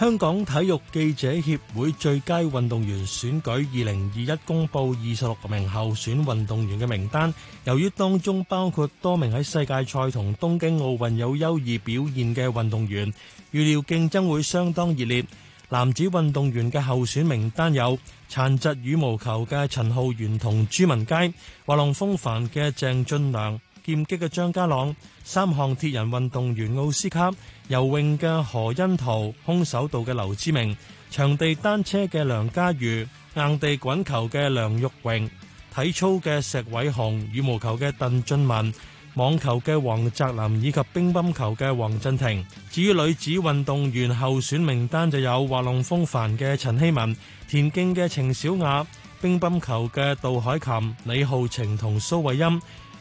香港體育記者協會最佳運動員選舉二零二一公布，二十六名候選運動員嘅名單，由於當中包括多名喺世界賽同東京奧運有優異表現嘅運動員。預料競爭會相當熱烈。男子運動員嘅候選名單有殘疾羽毛球嘅陳浩源同朱文佳，滑浪風帆嘅鄭俊良，劍擊嘅張家朗，三項鐵人運動員奧斯卡，游泳嘅何甄陶，空手道嘅劉知名，場地單車嘅梁家瑜，硬地滾球嘅梁玉榮，體操嘅石偉雄，羽毛球嘅鄧俊文。網球嘅黃澤林，以及乒乓球嘅黃鎮廷。至於女子運動員候選名單就有滑浪風帆嘅陳晞文，田徑嘅程小雅，乒乓球嘅杜凱琹，李皓晴同蘇慧音，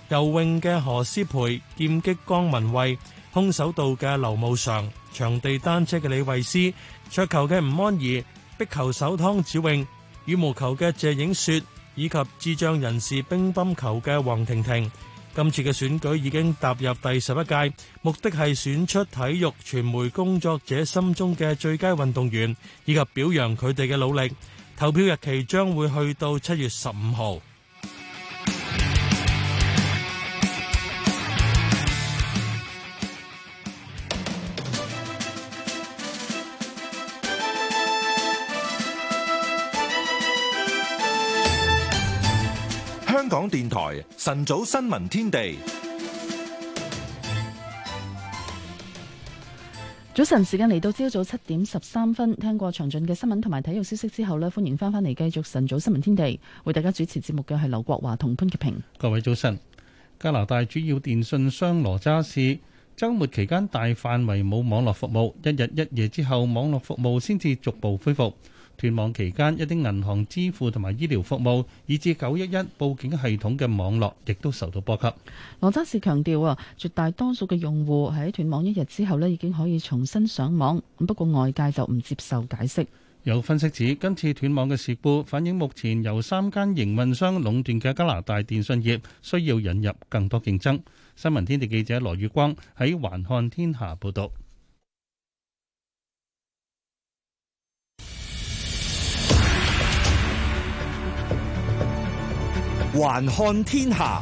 游泳嘅何詩蓓，劍擊江旻憓，空手道嘅劉慕裳，場地單車嘅李慧詩，桌球嘅吳安儀，壁球手湯芷穎，羽毛球嘅謝影雪，以及智障人士乒乓球嘅王婷婷。今次嘅選舉已經踏入第十一屆，目的係選出體育傳媒工作者心中嘅最佳運動員，以及表揚佢哋嘅努力。投票日期將會去到七月十五號。港電台晨早新聞天地，早晨時間嚟到朝早七點十三分，聽過詳盡嘅新聞同埋體育消息之後咧，歡迎翻翻嚟繼續晨早新聞天地，為大家主持節目嘅係劉國華同潘潔平。各位早晨，加拿大主要電訊商羅渣士周末期間大範圍冇網絡服務，一日一夜之後，網絡服務先至逐步恢復。斷網期間，一啲銀行支付同埋醫療服務，以至九一一報警系統嘅網絡，亦都受到波及。羅渣士強調啊，絕大多數嘅用戶喺斷網一日之後咧，已經可以重新上網。不過外界就唔接受解釋。有分析指，今次斷網嘅事故反映目前由三間營運商壟斷嘅加拿大電信業，需要引入更多競爭。新聞天地記者羅月光喺環看天下報導。環看天下，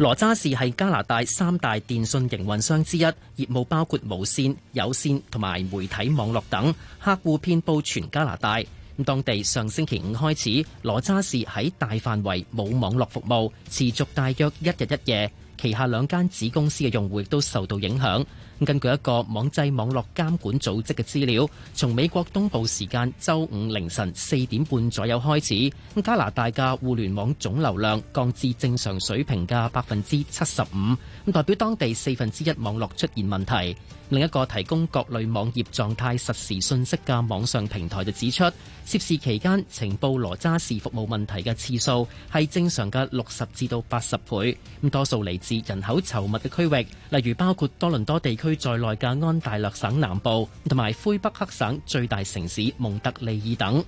羅渣士係加拿大三大電信營運商之一，業務包括無線、有綫同埋媒體網絡等，客戶遍布全加拿大。咁當地上星期五開始，羅渣士喺大範圍冇網絡服務，持續大約一日一夜。旗下兩間子公司嘅用戶亦都受到影響。根據一個網際網絡監管組織嘅資料，從美國東部時間周五凌晨四點半左右開始，加拿大嘅互聯網總流量降至正常水平嘅百分之七十五，代表當地四分之一網絡出現問題。另一個提供各類網頁狀態實時信息嘅網上平台就指出，涉事期間情報羅渣士服務問題嘅次數係正常嘅六十至到八十倍，多數嚟自人口稠密嘅區域，例如包括多倫多地區在內嘅安大略省南部同埋魁北克省最大城市蒙特利爾等。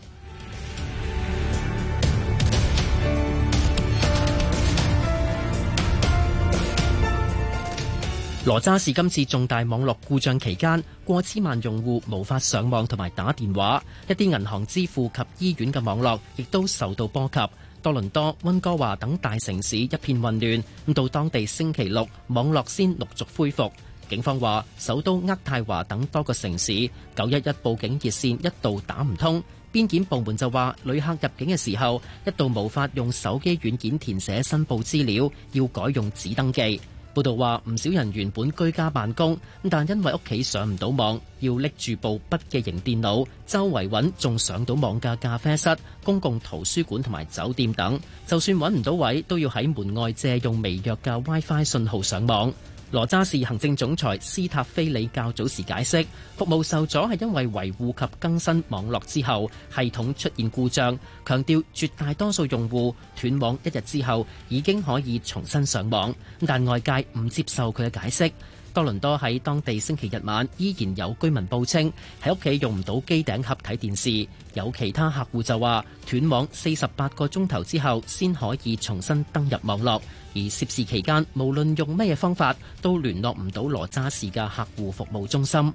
羅渣士今次重大網絡故障期間，過千萬用戶無法上網同埋打電話，一啲銀行支付及醫院嘅網絡亦都受到波及。多倫多、溫哥華等大城市一片混亂。到當地星期六，網絡先陸續恢復。警方話，首都渥太華等多個城市，九一一報警熱線一度打唔通。邊檢部門就話，旅客入境嘅時候一度無法用手機軟件填寫申報資料，要改用紙登記。報道話，唔少人原本居家辦公，但因為屋企上唔到網，要拎住部筆記型電腦周圍揾仲上到網嘅咖啡室、公共圖書館同埋酒店等。就算揾唔到位，都要喺門外借用微弱嘅 WiFi 信號上網。羅渣士行政總裁斯塔菲里較早時解釋，服務受阻係因為維護及更新網絡之後，系統出現故障。強調絕大多數用戶斷網一日之後已經可以重新上網，但外界唔接受佢嘅解釋。多倫多喺當地星期日晚依然有居民報稱，喺屋企用唔到機頂盒睇電視，有其他客戶就話斷網四十八個鐘頭之後先可以重新登入網絡，而涉事期間，無論用咩方法，都聯絡唔到羅渣士嘅客戶服務中心。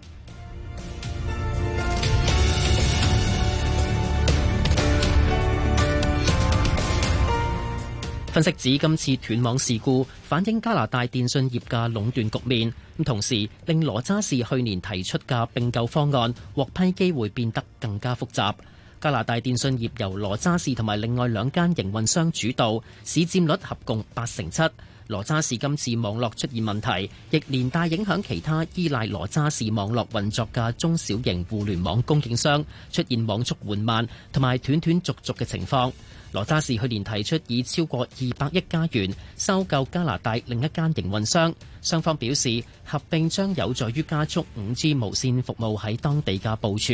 分析指今次斷網事故反映加拿大電信業嘅壟斷局面，同時令羅渣士去年提出嘅並購方案獲批機會變得更加複雜。加拿大電信業由羅渣士同埋另外兩間營運商主導，市佔率合共八成七。羅渣士今次網絡出現問題，亦連帶影響其他依賴羅渣士網絡運作嘅中小型互聯網供應商出現網速緩慢同埋斷斷續續嘅情況。羅渣士去年提出以超過二百億加元收購加拿大另一間營運商，雙方表示，合併將有助於加速五 G 無線服務喺當地嘅部署。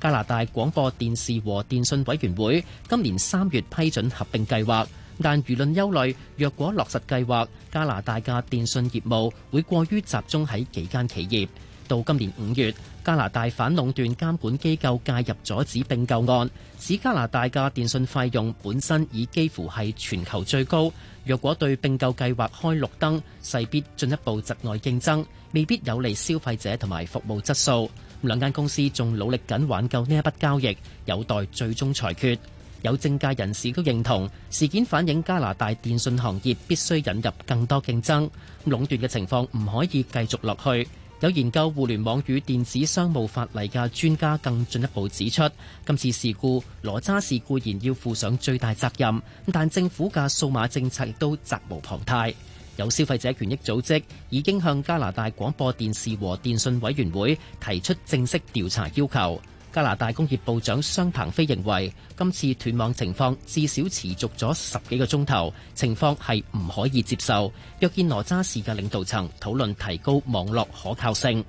加拿大廣播電視和電信委員會今年三月批准合併計劃，但輿論憂慮，若果落實計劃，加拿大嘅電信業務會過於集中喺幾間企業。到今年五月，加拿大反壟斷監管機構介入，阻止併購案，指加拿大嘅電信費用本身已幾乎係全球最高。若果對併購計劃開綠燈，勢必進一步窒礙競爭，未必有利消費者同埋服務質素。兩間公司仲努力緊挽救呢一筆交易，有待最終裁決。有政界人士都認同事件反映加拿大電信行業必須引入更多競爭，壟斷嘅情況唔可以繼續落去。有研究互聯網與電子商務法例嘅專家更進一步指出，今次事故羅渣士固然要負上最大責任，但政府嘅數碼政策亦都責無旁貸。有消費者權益組織已經向加拿大廣播電視和電信委員會提出正式調查要求。加拿大工業部長商鵬飛認為，今次斷網情況至少持續咗十幾個鐘頭，情況係唔可以接受。約見羅渣士嘅領導層，討論提高網絡可靠性。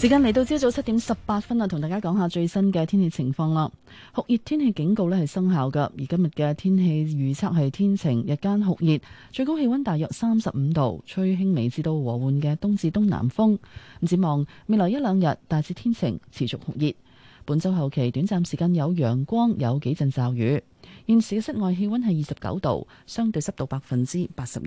時間嚟到朝早七點十八分啦，同大家講下最新嘅天氣情況啦。酷熱天氣警告呢係生效嘅，而今日嘅天氣預測係天晴，日間酷熱，最高氣溫大約三十五度，吹輕微至到和緩嘅東至東南風。咁展望未來一兩日，大致天晴，持續酷熱。本周後期短暫時間有陽光，有幾陣驟雨。現時室外氣溫係二十九度，相對濕度百分之八十二。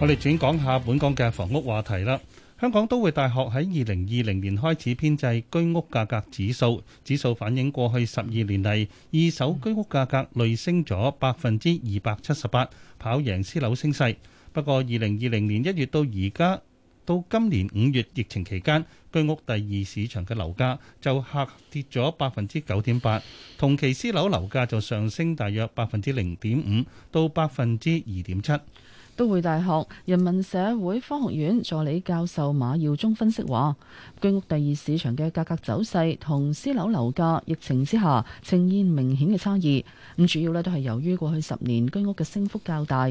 我哋轉講下本港嘅房屋話題啦。香港都會大學喺二零二零年開始編製居屋價格指數，指數反映過去十二年嚟二手居屋價格累升咗百分之二百七十八，跑贏私樓升勢。不過，二零二零年一月到而家到今年五月疫情期間，居屋第二市場嘅樓價就下跌咗百分之九點八，同期私樓樓價就上升大約百分之零點五到百分之二點七。都會大學人民社會科學院助理教授馬耀忠分析話，居屋第二市場嘅價格，格走勢同私樓樓價，疫情之下呈現明顯嘅差異。咁主要呢都係由於過去十年居，居屋嘅升幅較大，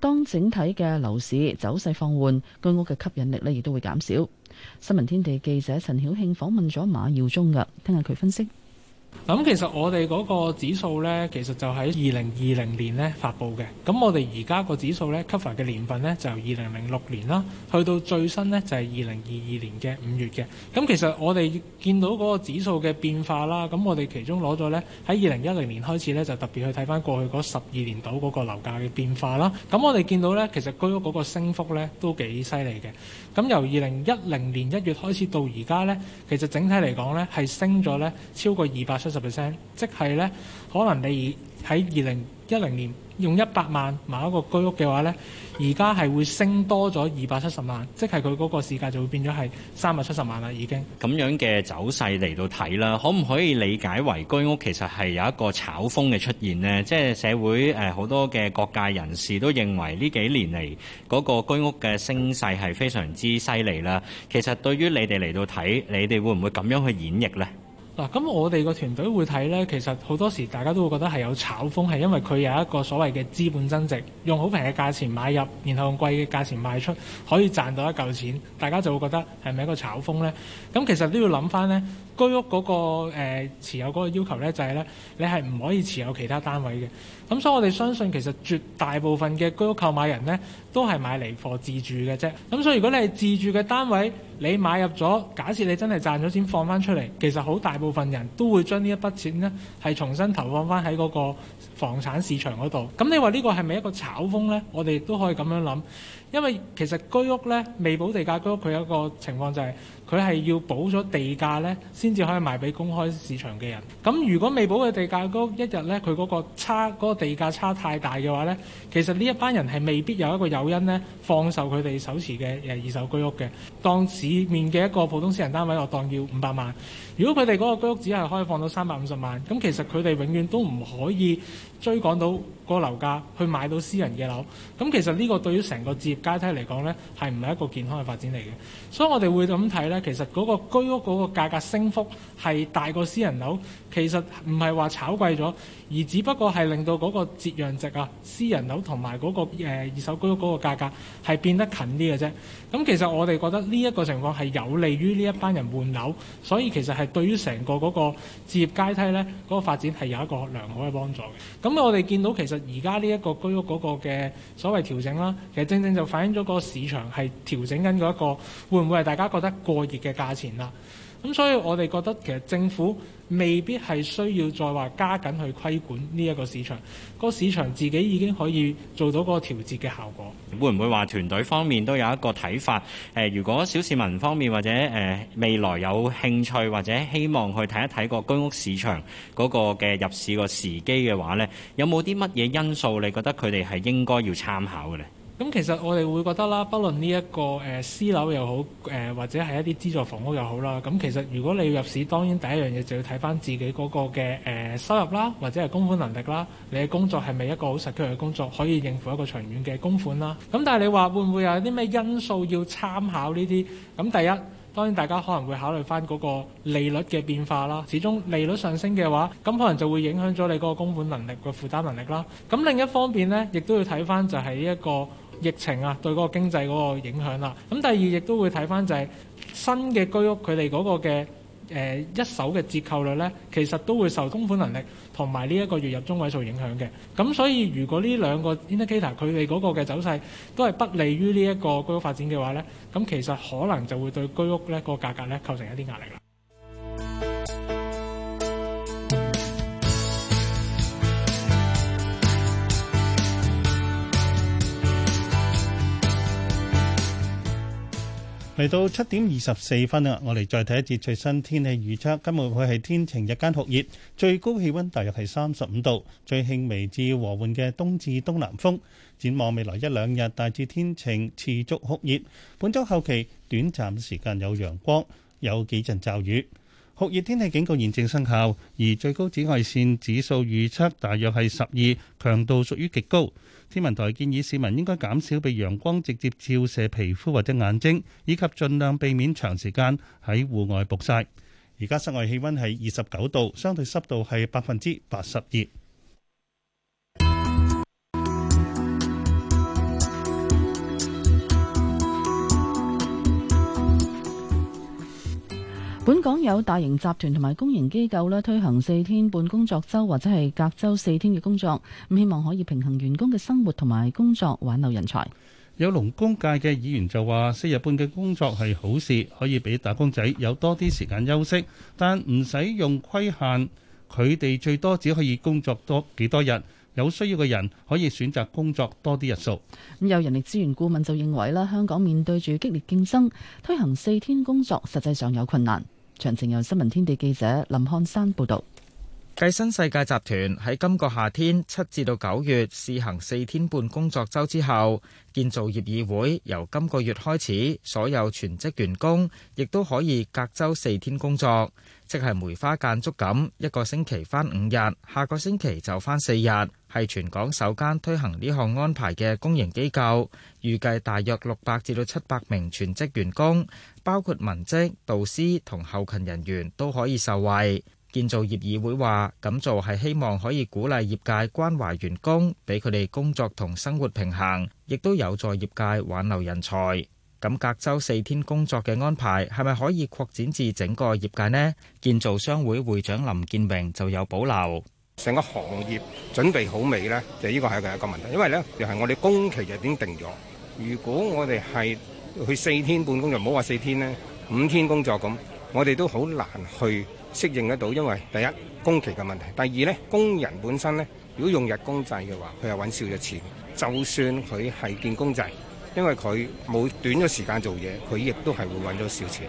當整體嘅樓市走勢放緩，居屋嘅吸引力呢亦都會減少。新聞天地記者陳曉慶訪問咗馬耀忠噶，聽下佢分析。咁其實我哋嗰個指數呢，其實就喺二零二零年呢發布嘅。咁我哋而家個指數呢 cover 嘅年份呢，就由二零零六年啦，去到最新呢，就係二零二二年嘅五月嘅。咁其實我哋見到嗰個指數嘅變化啦，咁我哋其中攞咗呢，喺二零一零年開始呢，就特別去睇返過去嗰十二年度嗰個樓價嘅變化啦。咁我哋見到呢，其實居屋嗰個升幅呢，都幾犀利嘅。咁由二零一零年一月開始到而家呢，其實整體嚟講呢，係升咗呢，超過二百七十 percent，即係咧，可能你喺二零一零年用一百萬買一個居屋嘅話咧，而家係會升多咗二百七十萬，即係佢嗰個市價就會變咗係三百七十萬啦，已經。咁樣嘅走勢嚟到睇啦，可唔可以理解為居屋其實係有一個炒風嘅出現呢？即係社會誒好多嘅各界人士都認為呢幾年嚟嗰個居屋嘅升勢係非常之犀利啦。其實對於你哋嚟到睇，你哋會唔會咁樣去演繹呢？嗱，咁我哋個團隊會睇呢。其實好多時大家都會覺得係有炒風，係因為佢有一個所謂嘅資本增值，用好平嘅價錢買入，然後用貴嘅價錢賣出，可以賺到一嚿錢，大家就會覺得係咪一個炒風呢？咁其實都要諗翻呢。居屋嗰、那個、呃、持有嗰個要求呢，就係、是、呢：你係唔可以持有其他單位嘅。咁所以我哋相信其實絕大部分嘅居屋購買人呢，都係買嚟貨自住嘅啫。咁所以如果你係自住嘅單位，你買入咗，假設你真係賺咗錢放翻出嚟，其實好大部分人都會將呢一筆錢呢，係重新投放翻喺嗰個房產市場嗰度。咁你話呢個係咪一個炒風呢？我哋都可以咁樣諗，因為其實居屋呢，未保地價居屋，佢有一個情況就係、是。佢係要補咗地價呢，先至可以賣俾公開市場嘅人。咁如果未補嘅地價高，嗰個、一日呢，佢嗰個差嗰、嗰個、地價差太大嘅話呢，其實呢一班人係未必有一個誘因呢，放售佢哋手持嘅二手居屋嘅。當市面嘅一個普通私人單位落檔要五百萬。如果佢哋嗰個居屋只係開放到三百五十萬，咁其實佢哋永遠都唔可以追趕到個樓價去買到私人嘅樓，咁其實呢個對於成個置業階梯嚟講呢，係唔係一個健康嘅發展嚟嘅？所以我哋會噉睇呢，其實嗰個居屋嗰個價格升幅係大過私人樓。其實唔係話炒貴咗，而只不過係令到嗰個折讓值啊、私人樓同埋嗰個誒二手居屋嗰個價格係變得近啲嘅啫。咁、嗯、其實我哋覺得呢一個情況係有利於呢一班人換樓，所以其實係對於成個嗰個置業階梯呢嗰、嗰個發展係有一個良好嘅幫助嘅。咁、嗯、我哋見到其實而家呢一個居屋嗰個嘅所謂調整啦、啊，其實正正就反映咗個市場係調整緊嗰一個，會唔會係大家覺得過熱嘅價錢啦、啊？咁所以我哋覺得其實政府未必係需要再話加緊去規管呢一個市場，嗰個市場自己已經可以做到嗰個調節嘅效果。會唔會話團隊方面都有一個睇法？誒、呃，如果小市民方面或者誒、呃、未來有興趣或者希望去睇一睇個居屋市場嗰個嘅入市個時機嘅話咧，有冇啲乜嘢因素你覺得佢哋係應該要參考嘅咧？咁其實我哋會覺得啦，不論呢一個誒私樓又好，誒或者係一啲資助房屋又好啦。咁其實如果你要入市，當然第一樣嘢就要睇翻自己嗰個嘅誒收入啦，或者係供款能力啦。你嘅工作係咪一個好實踐嘅工作，可以應付一個長遠嘅供款啦？咁但係你話會唔會有啲咩因素要參考呢啲？咁第一，當然大家可能會考慮翻嗰個利率嘅變化啦。始終利率上升嘅話，咁可能就會影響咗你嗰個供款能力嘅負擔能力啦。咁另一方面咧，亦都要睇翻就係呢一個。疫情啊，對嗰個經濟嗰個影響啦、啊。咁、嗯、第二亦都會睇返就係、是、新嘅居屋佢哋嗰個嘅誒、呃、一手嘅折扣率呢，其實都會受供款能力同埋呢一個月入中位數影響嘅。咁、嗯、所以如果呢兩個 indicator 佢哋嗰個嘅走勢都係不利於呢一個居屋發展嘅話呢，咁、嗯、其實可能就會對居屋呢、嗰個價格呢構成一啲壓力啦。嚟到七點二十四分啊！我哋再睇一節最新天氣預測。今日會係天晴，日間酷熱，最高氣温大約係三十五度，最輕微至和緩嘅東至東南風。展望未來一兩日，大致天晴，持續酷熱。本週後期短暫時間有陽光，有幾陣驟雨。酷熱天氣警告現正生效，而最高紫外線指數預測大約係十二，強度屬於極高。天文台建議市民應該減少被陽光直接照射皮膚或者眼睛，以及盡量避免長時間喺戶外曝晒。而家室外氣温係二十九度，相對濕度係百分之八十二。本港有大型集團同埋公營機構呢，推行四天半工作周或者係隔周四天嘅工作，咁希望可以平衡員工嘅生活同埋工作，挽留人才。有農工界嘅議員就話：四日半嘅工作係好事，可以俾打工仔有多啲時間休息，但唔使用規限佢哋最多只可以工作多幾多日。有需要嘅人可以選擇工作多啲日數。咁有人力資源顧問就認為呢，香港面對住激烈競爭，推行四天工作實際上有困難。詳情由新聞天地記者林漢山報道，繼新世界集團喺今個夏天七至到九月試行四天半工作周之後，建造業議會由今個月開始，所有全職員工亦都可以隔周四天工作。即係梅花間竹咁，一個星期返五日，下個星期就返四日，係全港首間推行呢項安排嘅公營機構。預計大約六百至到七百名全職員工，包括文職、導師同後勤人員都可以受惠。建造業議會話，咁做係希望可以鼓勵業界關懷員工，俾佢哋工作同生活平衡，亦都有助業界挽留人才。咁隔週四天工作嘅安排係咪可以擴展至整個業界呢？建造商會會長林建榮就有保留。成個行業準備好未呢？就呢個係一個問題。因為呢，又係我哋工期就已經定咗。如果我哋係去四天半工，就唔好話四天呢，五天工作咁，我哋都好難去適應得到。因為第一，工期嘅問題，第二呢，工人本身呢，如果用日工制嘅話，佢又揾少咗錢。就算佢係建工制。因為佢冇短咗時間做嘢，佢亦都係會揾咗少錢。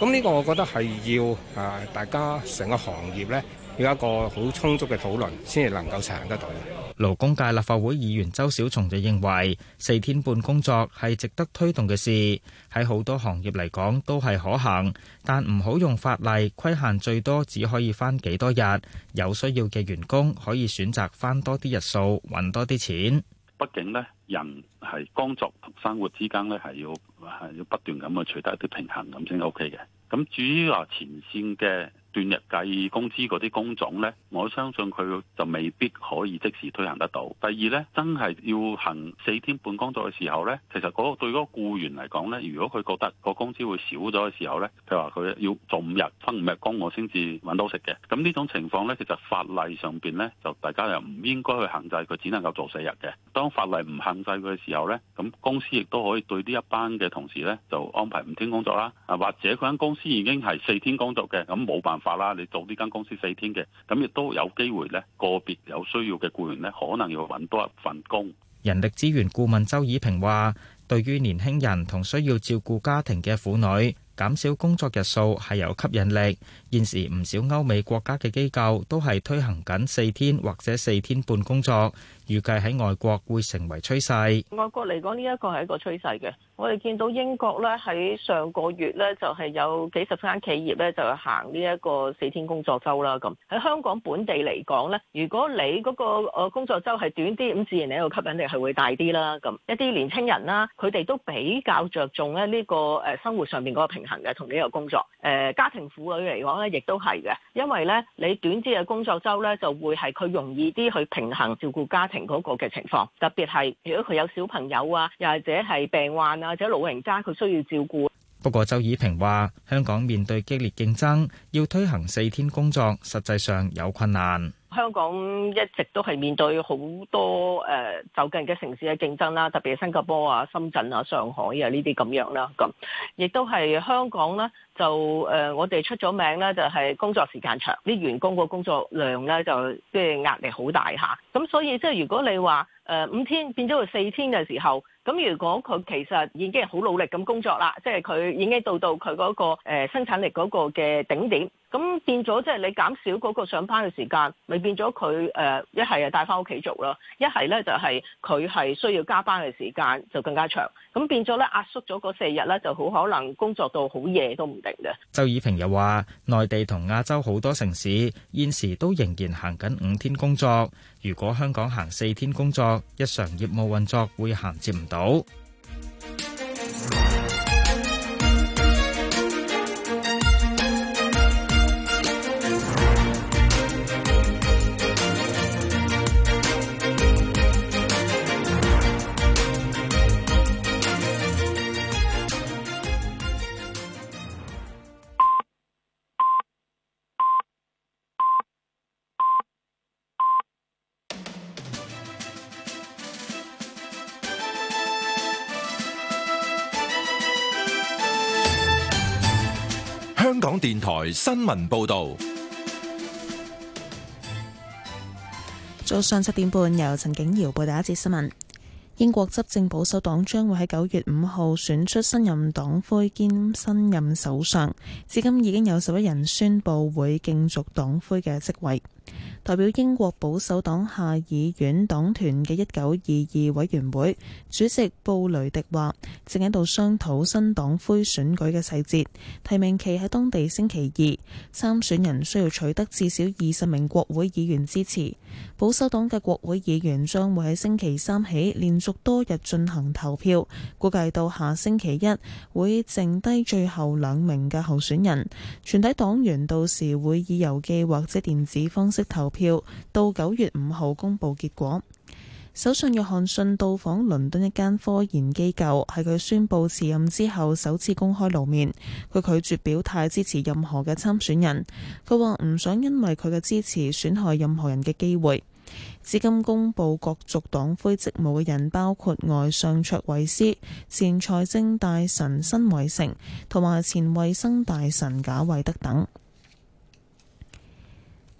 咁呢個我覺得係要啊，大家成個行業呢，要一個好充足嘅討論，先至能夠行得到。勞工界立法會議員周小松就認為，四天半工作係值得推動嘅事，喺好多行業嚟講都係可行，但唔好用法例規限最多只可以返幾多日，有需要嘅員工可以選擇返多啲日數，揾多啲錢。畢竟呢。人係工作同生活之間咧，係要係要不斷咁去取得一啲平衡咁先 OK 嘅。咁至於話前綫嘅。段日計工資嗰啲工種呢，我相信佢就未必可以即時推行得到。第二呢，真係要行四天半工作嘅時候呢，其實嗰對嗰個僱員嚟講呢，如果佢覺得個工資會少咗嘅時候咧，就話佢要做五日分五日工我先至揾到食嘅。咁呢種情況呢，其實法例上邊呢，就大家又唔應該去限制佢，只能夠做四日嘅。當法例唔限制佢嘅時候呢，咁公司亦都可以對呢一班嘅同事呢，就安排五天工作啦。啊，或者佢間公司已經係四天工作嘅，咁冇辦法啦，你做呢間公司四天嘅，咁亦都有機會咧，個別有需要嘅僱員咧，可能要揾多一份工。人力資源顧問周以平話：對於年輕人同需要照顧家庭嘅婦女，減少工作日數係有吸引力。現時唔少歐美國家嘅機構都係推行緊四天或者四天半工作，預計喺外國會成為趨勢。外國嚟講呢，一個係一個趨勢嘅。我哋見到英國咧，喺上個月咧，就係、是、有幾十間企業咧就去行呢一個四天工作周啦。咁喺香港本地嚟講咧，如果你嗰個工作周係短啲，咁自然你個吸引力係會大啲啦。咁一啲年輕人啦，佢哋都比較着重咧呢個誒生活上面嗰個平衡嘅同呢個工作。誒、呃、家庭婦女嚟講咧，亦都係嘅，因為咧你短啲嘅工作周咧就會係佢容易啲去平衡照顧家庭。嗰個嘅情況，特別係如果佢有小朋友啊，又或者係病患啊，或者老人家，佢需要照顧。不過周以平話，香港面對激烈競爭，要推行四天工作，實際上有困難。香港一直都係面對好多誒就、呃、近嘅城市嘅競爭啦，特別係新加坡啊、深圳啊、上海啊呢啲咁樣啦。咁亦都係香港咧，就誒、呃、我哋出咗名咧，就係工作時間長，啲員工個工作量咧就即係、呃、壓力好大吓。咁所以即係如果你話誒五天變咗佢四天嘅時候，咁如果佢其實已經係好努力咁工作啦，即係佢已經到到佢嗰個、呃、生產力嗰個嘅頂點。咁變咗，即係你減少嗰個上班嘅時間，咪變咗佢誒一係啊帶翻屋企做咯，一係咧就係佢係需要加班嘅時間就更加長。咁變咗咧壓縮咗嗰四日咧，就好可能工作到好夜都唔定嘅。周以平又話，內地同亞洲好多城市現時都仍然行緊五天工作，如果香港行四天工作，日常業務運作會銜接唔到。 電台新聞報道：早上七點半，由陳景堯報道一節新聞。英國執政保守黨將會喺九月五號選出新任黨魁兼新任首相。至今已經有十一人宣布會競逐黨魁嘅職位。代表英國保守黨下議院黨團嘅一九二二委員會主席布雷迪話，正喺度商討新黨魁選舉嘅細節，提名期喺當地星期二，參選人需要取得至少二十名國會議員支持。保守黨嘅國會議員將會喺星期三起連續多日進行投票，估計到下星期一會剩低最後兩名嘅候選人，全體黨員到時會以郵寄或者電子方式投票。票到九月五號公布結果。首相約翰遜到訪倫敦一間科研機構，係佢宣布辭任之後首次公開露面。佢拒絕表態支持任何嘅參選人，佢話唔想因為佢嘅支持損害任何人嘅機會。至今公布角逐黨魁職務嘅人包括外相卓慧思、前財政大臣辛偉誠同埋前衛生大臣賈偉德等。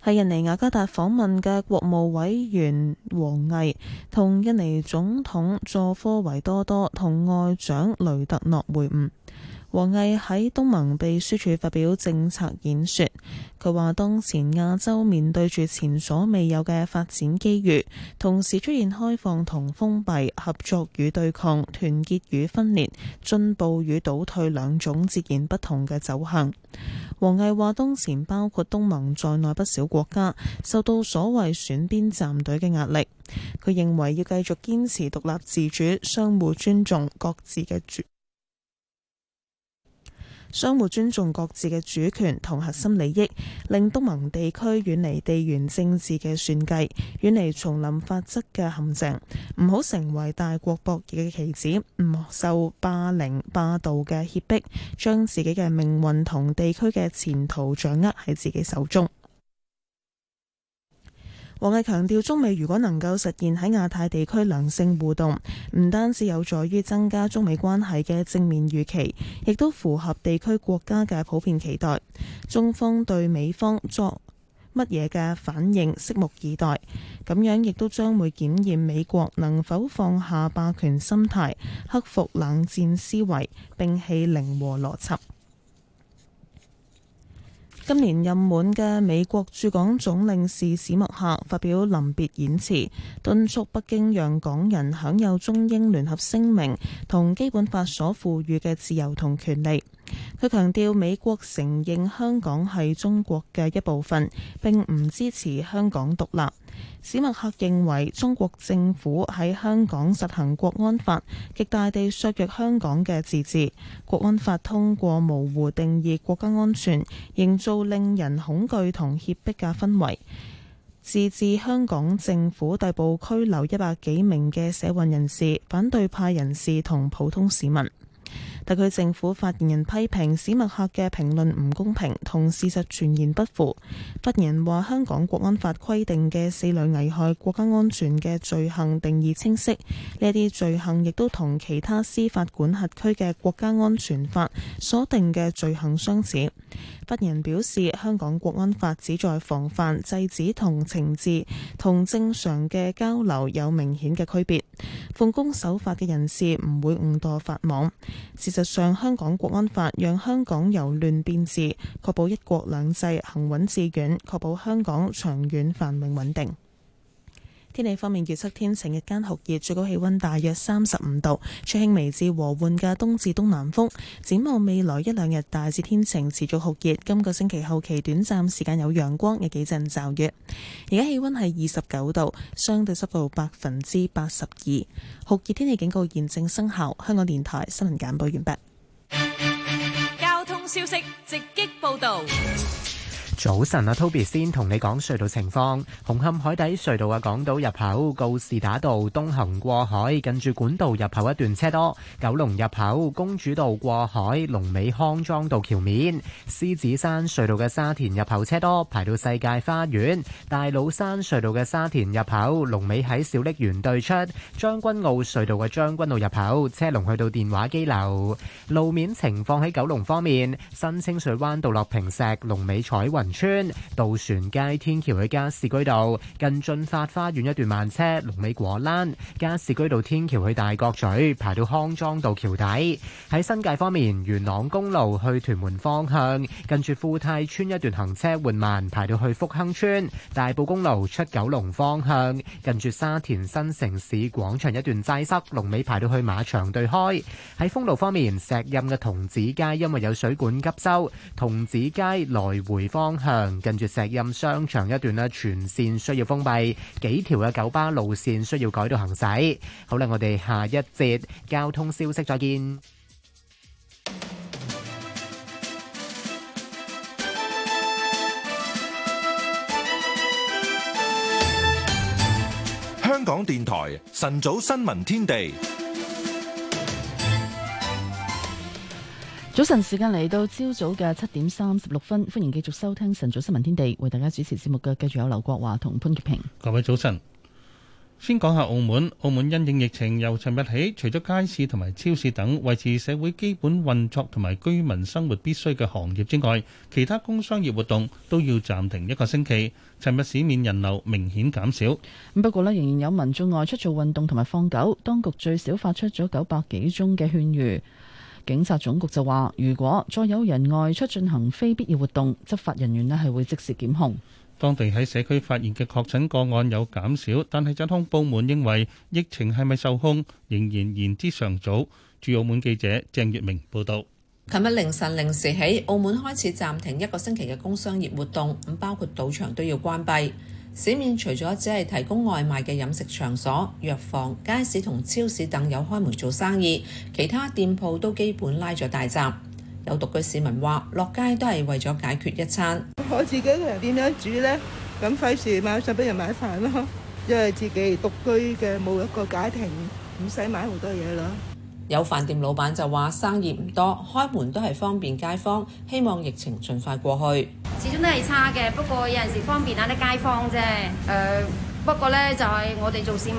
喺印尼雅加達訪問嘅國務委員王毅，同印尼總統佐科維多多同外長雷特諾會晤。王毅喺東盟秘書處發表政策演說，佢話當前亞洲面對住前所未有嘅發展機遇，同時出現開放同封閉、合作與對抗、團結與分裂、進步與倒退兩種截然不同嘅走向。王毅話當前包括東盟在內不少國家受到所謂選邊站隊嘅壓力，佢認為要繼續堅持獨立自主、相互尊重、各自嘅主。相互尊重，各自嘅主權同核心利益，令東盟地區遠離地緣政治嘅算計，遠離叢林法則嘅陷阱，唔好成為大國博弈嘅棋子，唔受霸凌霸道嘅脅迫，將自己嘅命運同地區嘅前途掌握喺自己手中。王毅強調，中美如果能夠實現喺亞太地區良性互動，唔單止有助於增加中美關係嘅正面預期，亦都符合地區國家嘅普遍期待。中方對美方作乜嘢嘅反應，拭目以待。咁樣亦都將會檢驗美國能否放下霸權心態，克服冷戰思維，摒棄零和邏輯。今年任滿嘅美國駐港總領事史墨客發表臨別演辭，敦促北京讓港人享有中英聯合聲明同基本法所賦予嘅自由同權利。佢強調美國承認香港係中國嘅一部分，並唔支持香港獨立。史密克認為，中國政府喺香港實行國安法，極大地削弱香港嘅自治。國安法通過模糊定義國家安全，營造令人恐懼同脅迫嘅氛圍。自治香港政府逮捕拘留一百幾名嘅社運人士、反對派人士同普通市民。特區政府發言人批評史密克嘅評論唔公平，同事實全然不符。發言人話：香港國安法規定嘅四類危害國家安全嘅罪行定義清晰，呢啲罪行亦都同其他司法管轄區嘅國家安全法所定嘅罪行相似。發言表示，香港國安法旨在防範制止同懲治，同正常嘅交流有明顯嘅區別。奉公守法嘅人士唔會誤墮法網。事實上，香港國安法讓香港由亂變治，確保一國兩制行穩致遠，確保香港長遠繁榮穩定。天氣方面，預測天晴，日間酷熱，最高氣溫大約三十五度，吹輕微至和緩嘅東至東南風。展望未來一兩日，大致天晴，持續酷熱。今個星期後期短暫時間有陽光，嘅幾陣驟雨。而家氣溫係二十九度，相對濕度百分之八十二，酷熱天氣警告現正生效。香港電台新聞簡報完畢。交通消息直擊報道。早晨啊，Toby 先同你講隧道情況。紅磡海底隧道嘅港島入口告士打道東行過海，近住管道入口一段車多。九龍入口公主道過海，龍尾康莊道橋面。獅子山隧道嘅沙田入口車多，排到世界花園。大老山隧道嘅沙田入口龍尾喺小瀝源對出。將軍澳隧道嘅將軍澳入口車龍去到電話機樓。路面情況喺九龍方面，新清水灣道落坪石，龍尾彩雲。村渡船街天橋去加士居道，近駿發花園一段慢車；龍尾果欄加士居道天橋去大角咀，排到康莊道橋底。喺新界方面，元朗公路去屯門方向，近住富泰村一段行車緩慢，排到去福亨村；大埔公路出九龍方向，近住沙田新城市廣場一段擠塞，龍尾排到去馬場對開。喺封路方面，石蔭嘅童子街因為有水管急修，童子街來回方向向近住石蔭商場一段呢，全線需要封閉，幾條嘅九巴路線需要改道行駛。好啦，我哋下一節交通消息再見。香港電台晨早新聞天地。早晨時間嚟，到朝早嘅七點三十六分，歡迎繼續收聽晨早新聞天地，為大家主持節目嘅繼續有劉國華同潘潔平。各位早晨，先講下澳門。澳門因應疫情，由尋日起，除咗街市同埋超市等維持社會基本運作同埋居民生活必需嘅行業之外，其他工商業活動都要暫停一個星期。尋日市面人流明顯減少，不過仍然有民眾外出做運動同埋放狗，當局最少發出咗九百幾宗嘅勸喻。警察總局就話，如果再有人外出進行非必要活動，執法人員咧係會即時檢控。當地喺社區發現嘅確診個案有減少，但係疾控部門認為疫情係咪受控，仍然言之尚早。駐澳門記者鄭月明報導。琴日凌晨零時起，澳門開始暫停一個星期嘅工商業活動，咁包括賭場都要關閉。市面除咗只係提供外賣嘅飲食場所、藥房、街市同超市等有開門做生意，其他店鋪都基本拉咗大閘。有獨居市民話：落街都係為咗解決一餐。我自己一個人點樣煮呢？咁費事買上俾人買飯囉。因為自己獨居嘅冇一個家庭，唔使買好多嘢啦。有飯店老闆就話：生意唔多，開門都係方便街坊，希望疫情盡快過去。始終都係差嘅，不過有陣時方便下啲街坊啫。誒，呃，不過呢，就係我哋做市民，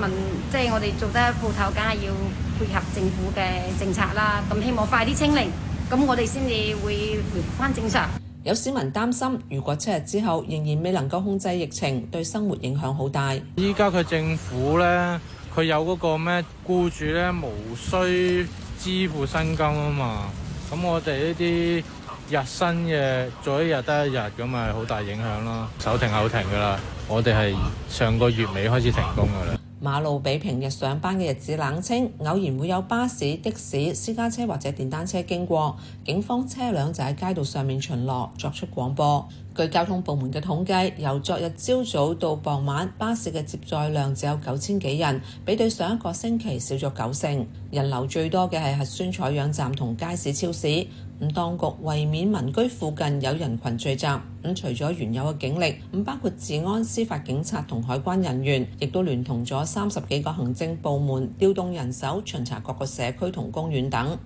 即係我哋做得鋪頭，梗係要配合政府嘅政策啦。咁希望快啲清零，咁我哋先至會回復翻正常。有市民擔心，如果七日之後仍然未能夠控制疫情，對生活影響好大。依家佢政府呢。佢有嗰個咩？僱主咧無需支付薪金啊嘛，咁我哋呢啲日薪嘅，做一日得一日，咁咪好大影響咯。手停口停噶啦，停停我哋係上個月尾開始停工噶啦。馬路比平日上班嘅日子冷清，偶然會有巴士、的士、私家車或者電單車經過。警方車輛就喺街道上面巡邏，作出廣播。據交通部門嘅統計，由昨日朝早到傍晚，巴士嘅接載量只有九千幾人，比對上一個星期少咗九成。人流最多嘅係核酸採樣站同街市超市。當局為免民居附近有人群聚集，咁、嗯、除咗原有嘅警力，咁包括治安、司法警察同海關人員，亦都聯同咗三十幾個行政部門，調動人手巡查各個社區同公園等。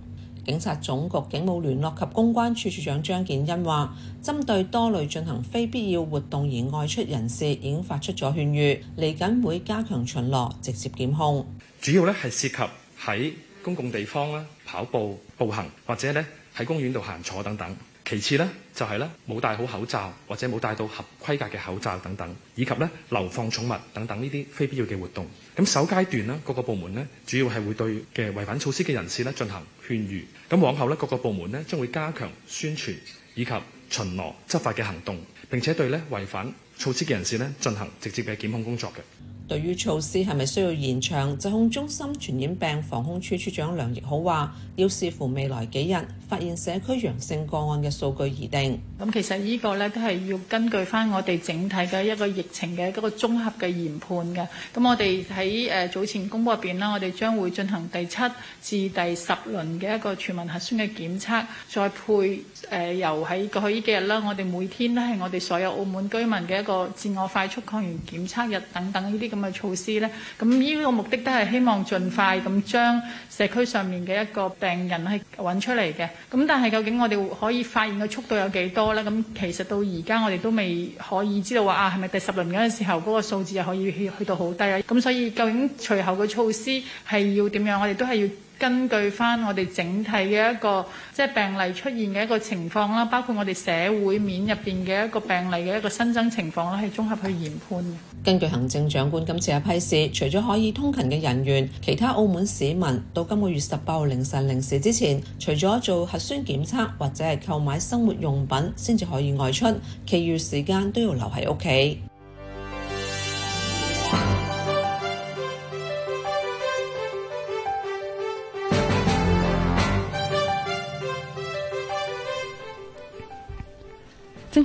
警察總局警務聯絡及公關處處長張健欣話：針對多類進行非必要活動而外出人士，已經發出咗勸喻，嚟緊會加強巡邏，直接檢控。主要咧係涉及喺公共地方咧跑步、步行或者咧。喺公園度行坐等等，其次呢，就係呢冇戴好口罩或者冇戴到合規格嘅口罩等等，以及呢流放寵物等等呢啲非必要嘅活動。咁首階段呢，各個部門呢主要係會對嘅違反措施嘅人士呢進行勸喻。咁往後呢，各個部門呢將會加強宣傳以及巡邏執法嘅行動，並且對呢違反措施嘅人士呢進行直接嘅檢控工作嘅。對於措施係咪需要延長？疾控中心傳染病防控處處長梁亦好話，要視乎未來幾日發現社區陽性個案嘅數據而定。咁其實呢個呢，都係要根據返我哋整體嘅一個疫情嘅一個綜合嘅研判嘅。咁我哋喺誒早前公佈入邊啦，我哋將會進行第七至第十輪嘅一個全民核酸嘅檢測，再配誒由喺過去呢幾日啦，我哋每天都係我哋所有澳門居民嘅一個自我快速抗原檢測日等等呢啲咁。咁嘅措施咧，咁呢個目的都係希望盡快咁將社區上面嘅一個病人係揾出嚟嘅。咁但係究竟我哋可以發現嘅速度有幾多咧？咁其實到而家我哋都未可以知道話啊，係咪第十輪嗰陣時候嗰個數字又可以去，去到好低啊？咁所以究竟隨後嘅措施係要點樣？我哋都係要，根據翻我哋整體嘅一個即係病例出現嘅一個情況啦，包括我哋社會面入邊嘅一個病例嘅一個新增情況啦，係綜合去研判嘅。根據行政長官今次嘅批示，除咗可以通勤嘅人員，其他澳門市民到今個月十八號凌晨零時之前，除咗做核酸檢測或者係購買生活用品先至可以外出，其餘時間都要留喺屋企。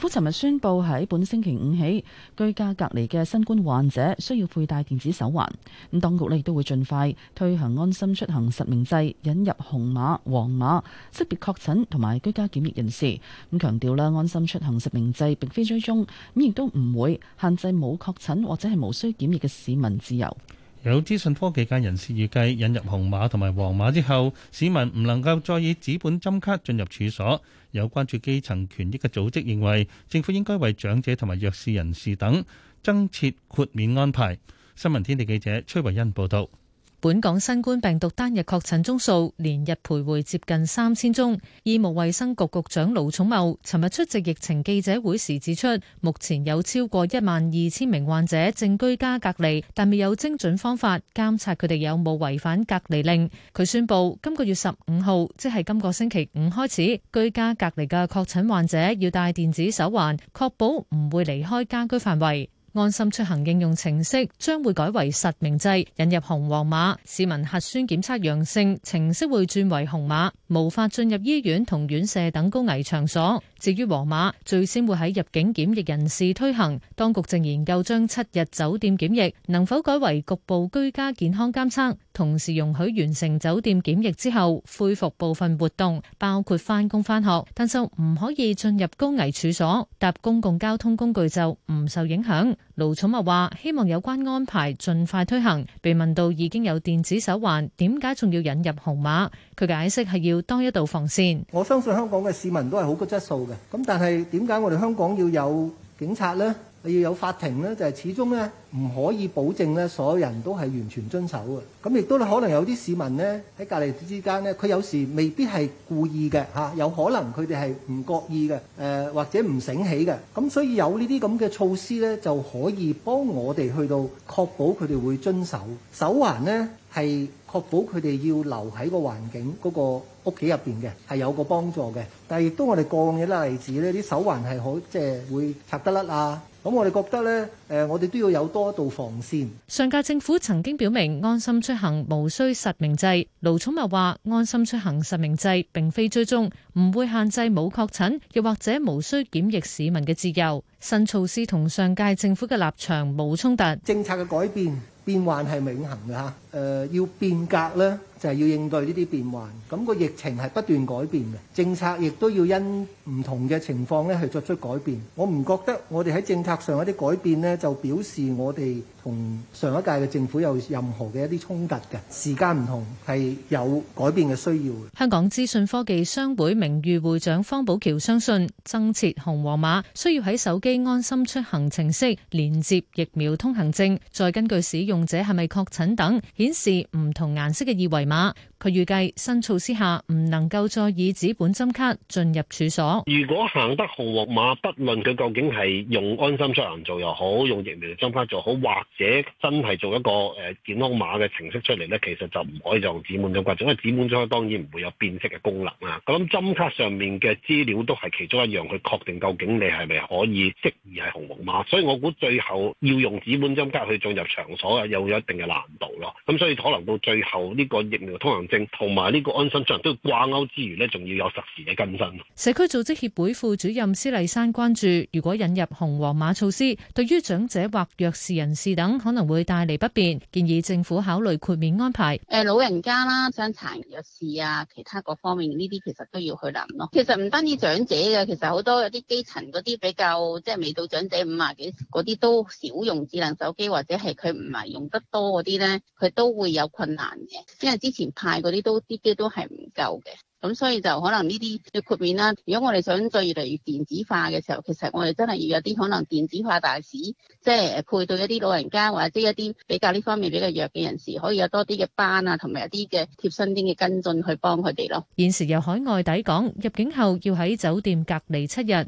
府尋日宣布喺本星期五起，居家隔離嘅新冠患者需要佩戴電子手環。咁當局咧亦都會盡快推行安心出行實名制，引入紅碼、黃碼識別確診同埋居家檢疫人士。咁強調啦，安心出行實名制並非追蹤，咁亦都唔會限制冇確診或者係無需檢疫嘅市民自由。有資訊科技界人士預計，引入紅碼同埋黃碼之後，市民唔能夠再以紙本針卡進入處所。有關注基層權益嘅組織認為，政府應該為長者同埋弱勢人士等增設豁免安排。新聞天地記者崔維恩報道。本港新冠病毒單日確診宗數連日徘徊接近三千宗，醫務衛生局局長盧寵茂尋日出席疫情記者會時指出，目前有超過一萬二千名患者正居家隔離，但未有精準方法監察佢哋有冇違反隔離令。佢宣布今個月十五號，即係今個星期五開始，居家隔離嘅確診患者要戴電子手環，確保唔會離開家居範圍。安心出行應用程式將會改為實名制，引入紅黃碼。市民核酸檢測陽性，程式會轉為紅碼，無法進入醫院同院舍等高危場所。至於黃碼，最先會喺入境檢疫人士推行。當局正研究將七日酒店檢疫能否改為局部居家健康監測，同時容許完成酒店檢疫之後恢復部分活動，包括返工返學，但就唔可以進入高危處所，搭公共交通工具就唔受影響。盧寵茂話：希望有關安排盡快推行。被問到已經有電子手環，點解仲要引入紅碼？佢解釋係要多一道防線。我相信香港嘅市民都係好高質素嘅。咁但係點解我哋香港要有警察呢？要有法庭呢？就係始終呢唔可以保證呢，所有人都係完全遵守嘅。咁亦都可能有啲市民呢喺隔離之間呢，佢有時未必係故意嘅吓，有可能佢哋係唔覺意嘅，誒或者唔醒起嘅。咁所以有呢啲咁嘅措施呢，就可以幫我哋去到確保佢哋會遵守手環呢，係確保佢哋要留喺個環境嗰個。屋企入邊嘅係有個幫助嘅，但係亦都我哋個案嘅例子呢，啲手環係好即係會拆得甩啊！咁、嗯、我哋覺得呢，誒、呃、我哋都要有多一道防線。上屆政府曾經表明安心出行無需實名制，盧寵茂話安心出行實名制並非追蹤，唔會限制冇確診又或者無需檢疫市民嘅自由。新措施同上屆政府嘅立場冇衝突。政策嘅改變變幻係永恆嘅嚇，誒、呃、要變革咧。就係要應對呢啲變幻，咁個疫情係不斷改變嘅，政策亦都要因唔同嘅情況咧去作出改變。我唔覺得我哋喺政策上一啲改變咧，就表示我哋同上一屆嘅政府有任何嘅一啲衝突嘅。時間唔同係有改變嘅需要。香港資訊科技商會名譽會長方寶橋相信，增設紅黃碼需要喺手機安心出行程式連接疫苗通行證，再根據使用者係咪確診等，顯示唔同顏色嘅二維碼。佢預計新措施下唔能夠再以紙本針卡進入處所。如果行得紅黃碼，不論佢究竟係用安心出行做又好，用疫苗嘅針卡做又好，或者真係做一個誒健康碼嘅程式出嚟呢，其實就唔可以用紙本針卡，因為紙本針卡當然唔會有變色嘅功能啦。咁針卡上面嘅資料都係其中一樣去確定究竟你係咪可以適宜係紅黃碼。所以我估最後要用紙本針卡去進入場所嘅，又有一定嘅難度咯。咁所以可能到最後呢個疫通行證同埋呢個安心證都要掛鈎之餘呢仲要有實時嘅更新。社區組織協會副主任施麗珊關注，如果引入紅黃碼措施，對於長者或弱勢人士等可能會帶嚟不便，建議政府考慮豁免安排。誒老人家啦、傷殘人士啊、其他各方面呢啲其實都要去諗咯。其實唔單止長者嘅，其實好多有啲基層嗰啲比較即係、就是、未到長者五啊幾嗰啲都少用智能手機或者係佢唔係用得多嗰啲呢，佢都會有困難嘅，因為之。以前派嗰啲都啲嘅都係唔夠嘅，咁所以就可能呢啲要豁免啦。如果我哋想再越嚟越電子化嘅時候，其實我哋真係要有啲可能電子化大使，即係配對一啲老人家或者一啲比較呢方面比較弱嘅人士，可以有多啲嘅班啊，同埋一啲嘅貼身啲嘅跟進去幫佢哋咯。現時由海外抵港入境後，要喺酒店隔離七日。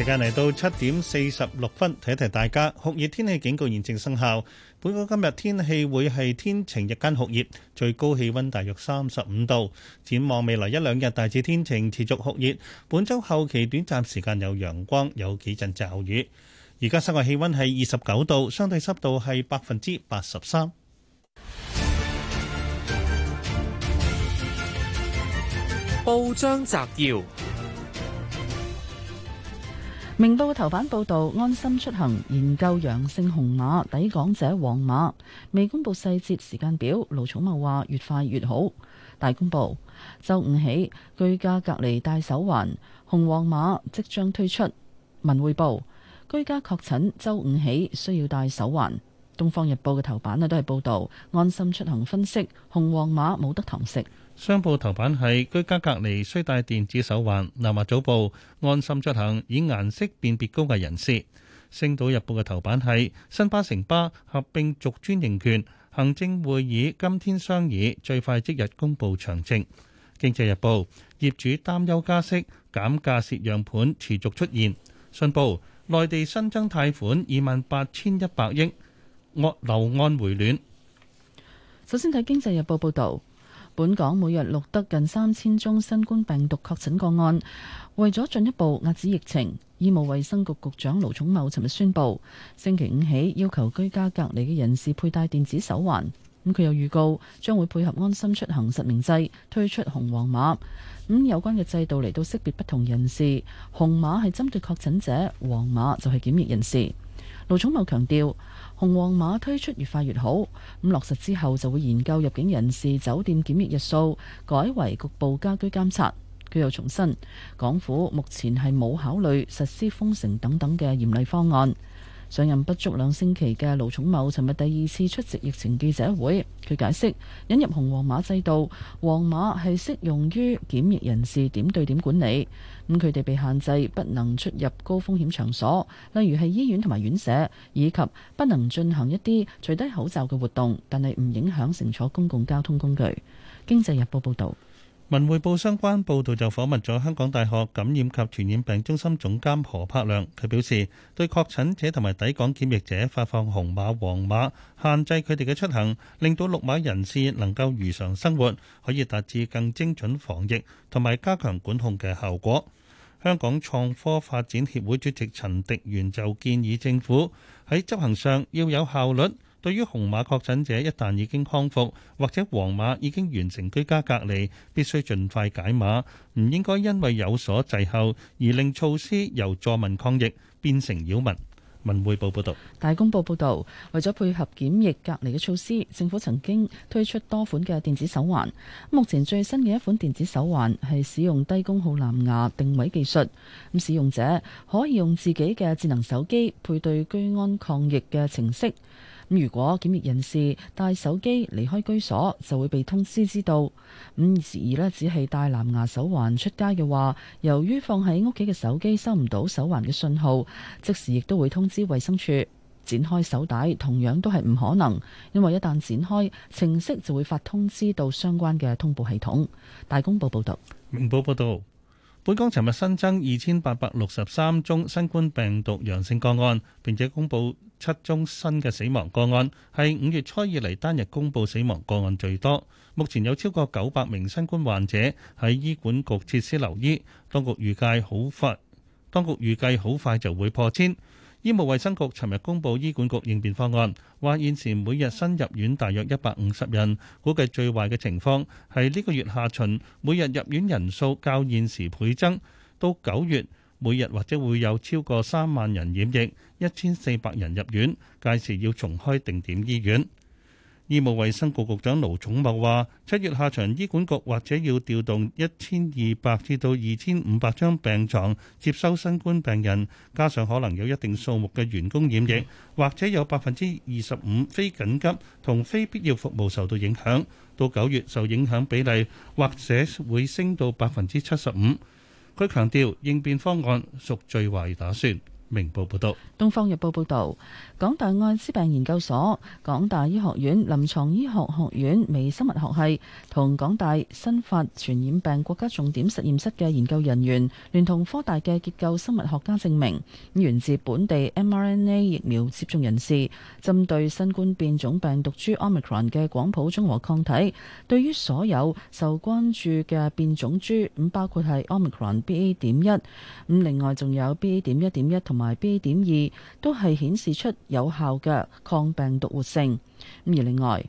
時間嚟到七點四十六分，提提大家酷熱天氣警告現正生效。本港今日天氣會係天晴，日間酷熱，最高氣溫大約三十五度。展望未來一兩日大致天晴，持續酷熱。本周後期短暫時間有陽光，有幾陣驟雨。而家室外氣溫係二十九度，相對濕度係百分之八十三。報章摘要。明報嘅頭版報導，安心出行研究陽性紅馬抵港者黃馬未公布細節時間表，盧寵茂話越快越好。大公報，周五起居家隔離戴手環，紅黃馬即將推出。文匯報，居家確診周五起需要戴手環。《東方日報》嘅頭版啊都係報導安心出行分析紅黃馬冇得堂食。商報頭版係居家隔離需戴電子手環。南華早報安心出行以顏色辨別高危人士。星島日報嘅頭版係新巴城巴合併續專營權，行政會議今天商議，最快即日公佈詳情。經濟日報業主擔憂加息，減價蝕讓盤持續出現。信報內地新增貸款二萬八千一百億，按樓按回暖。首先睇經濟日報報導。本港每日錄得近三千宗新冠病毒確診個案，為咗進一步壓止疫情，醫務衛生局局長盧寵茂尋日宣布，星期五起要求居家隔離嘅人士佩戴電子手環。咁佢又預告將會配合安心出行實名制推出紅黃碼。咁、嗯、有關嘅制度嚟到識別不同人士，紅碼係針對確診者，黃碼就係檢疫人士。盧寵茂強調。紅黃碼推出越快越好，咁落實之後就會研究入境人士酒店檢疫日數，改為局部家居監察。佢又重申，港府目前係冇考慮實施封城等等嘅嚴厲方案。上任不足兩星期嘅盧寵茂，尋日第二次出席疫情記者會，佢解釋引入紅黃碼制度，黃碼係適用於檢疫人士點對點管理，咁佢哋被限制不能出入高風險場所，例如係醫院同埋院舍，以及不能進行一啲除低口罩嘅活動，但係唔影響乘坐公共交通工具。經濟日報報導。文匯報相關報導就訪問咗香港大學感染及傳染病中心總監何柏良，佢表示對確診者同埋抵港檢疫者發放紅碼黃碼，限制佢哋嘅出行，令到綠碼人士能夠如常生活，可以達至更精準防疫同埋加強管控嘅效果。香港創科發展協會主席陳迪源就建議政府喺執行上要有效率。對於紅碼確診者，一旦已經康復或者黃碼已經完成居家隔離，必須盡快解碼，唔應該因為有所滯後而令措施由助民抗疫變成擾民。文匯報報道：「大公報報道，為咗配合檢疫隔離嘅措施，政府曾經推出多款嘅電子手環。目前最新嘅一款電子手環係使用低功耗藍牙定位技術，咁使用者可以用自己嘅智能手機配對居安抗疫嘅程式。咁如果檢疫人士帶手機離開居所，就會被通知知道。咁而而呢，只係帶藍牙手環出街嘅話，由於放喺屋企嘅手機收唔到手環嘅信號，即時亦都會通知衛生署。展開手帶同樣都係唔可能，因為一旦展開程式就會發通知到相關嘅通報系統。大公報報道，明報報道。本港尋日新增二千八百六十三宗新冠病毒陽性個案，並且公布七宗新嘅死亡個案，係五月初以嚟單日公布死亡個案最多。目前有超過九百名新冠患者喺醫管局設施留醫，當局預計好快，當局預計好快就會破千。醫務衛生局尋日公布醫管局應變方案，話現時每日新入院大約一百五十人，估計最壞嘅情況係呢個月下旬每日入院人數較現時倍增，到九月每日或者會有超過三萬人染疫，一千四百人入院，屆時要重開定點醫院。醫務衛生局局長盧寵茂話：七月下旬醫管局或者要調動一千二百至到二千五百張病床接收新冠病人，加上可能有一定數目嘅員工染疫，或者有百分之二十五非緊急同非必要服務受到影響。到九月受影響比例或者會升到百分之七十五。佢強調應變方案屬最壞打算。明報報道，東方日報報道，港大艾滋病研究所、港大醫學院臨床醫學學院微生物學系同港大新發傳染病國家重點實驗室嘅研究人員聯同科大嘅結構生物學家證明，源自本地 mRNA 疫苗接種人士針對新冠變種病毒株 Omicron 嘅廣譜中和抗體對於所有受關注嘅變種株，咁包括係 Omicron BA. 點一，咁另外仲有 BA. 點一點一同。同埋 B. 點二都係顯示出有效嘅抗病毒活性。咁而另外，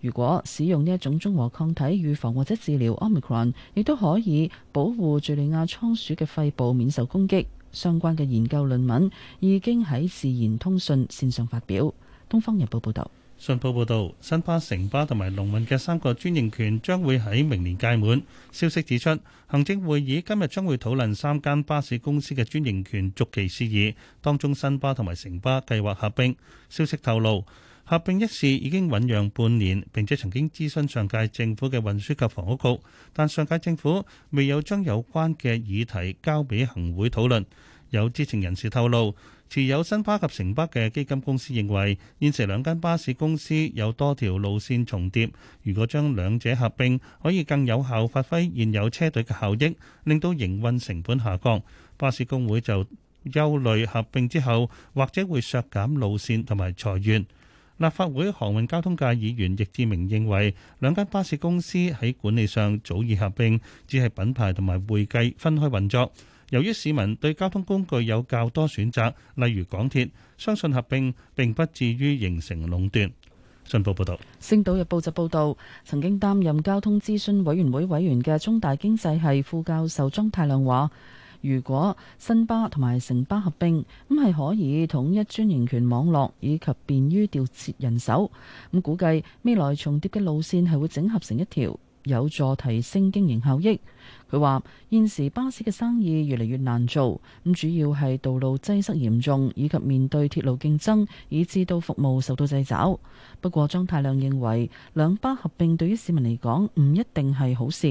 如果使用呢一種中和抗體預防或者治療 Omicron，亦都可以保護敘利亞倉鼠嘅肺部免受攻擊。相關嘅研究論文已經喺《自然通訊》線上發表。東方日報報道。信報報導，新巴、城巴同埋龍運嘅三個專營權將會喺明年屆滿。消息指出，行政會議今日將會討論三間巴士公司嘅專營權續期事宜，當中新巴同埋城巴計劃合併。消息透露，合併一事已經醞釀半年，並且曾經諮詢上屆政府嘅運輸及房屋局，但上屆政府未有將有關嘅議題交俾行會討論。有知情人士透露。持有新巴及城巴嘅基金公司認為，現時兩間巴士公司有多條路線重疊，如果將兩者合並，可以更有效發揮現有車隊嘅效益，令到營運成本下降。巴士工會就憂慮合並之後，或者會削減路線同埋裁員。立法會航運交通界議員易志明認為，兩間巴士公司喺管理上早已合並，只係品牌同埋會計分開運作。由於市民對交通工具有較多選擇，例如港鐵，相信合並並不至於形成壟斷。信報報導。《星島日報》就報導，曾經擔任交通諮詢委員會委員嘅中大經濟系副教授莊太亮話，如果新巴同埋城巴合並，咁係可以統一專營權網絡，以及便於調節人手。咁估計未來重疊嘅路線係會整合成一條。有助提升經營效益。佢話：現時巴士嘅生意越嚟越難做，咁主要係道路擠塞嚴重，以及面對鐵路競爭，以致到服務受到掣肘。不過，張太亮認為兩巴合併對於市民嚟講唔一定係好事，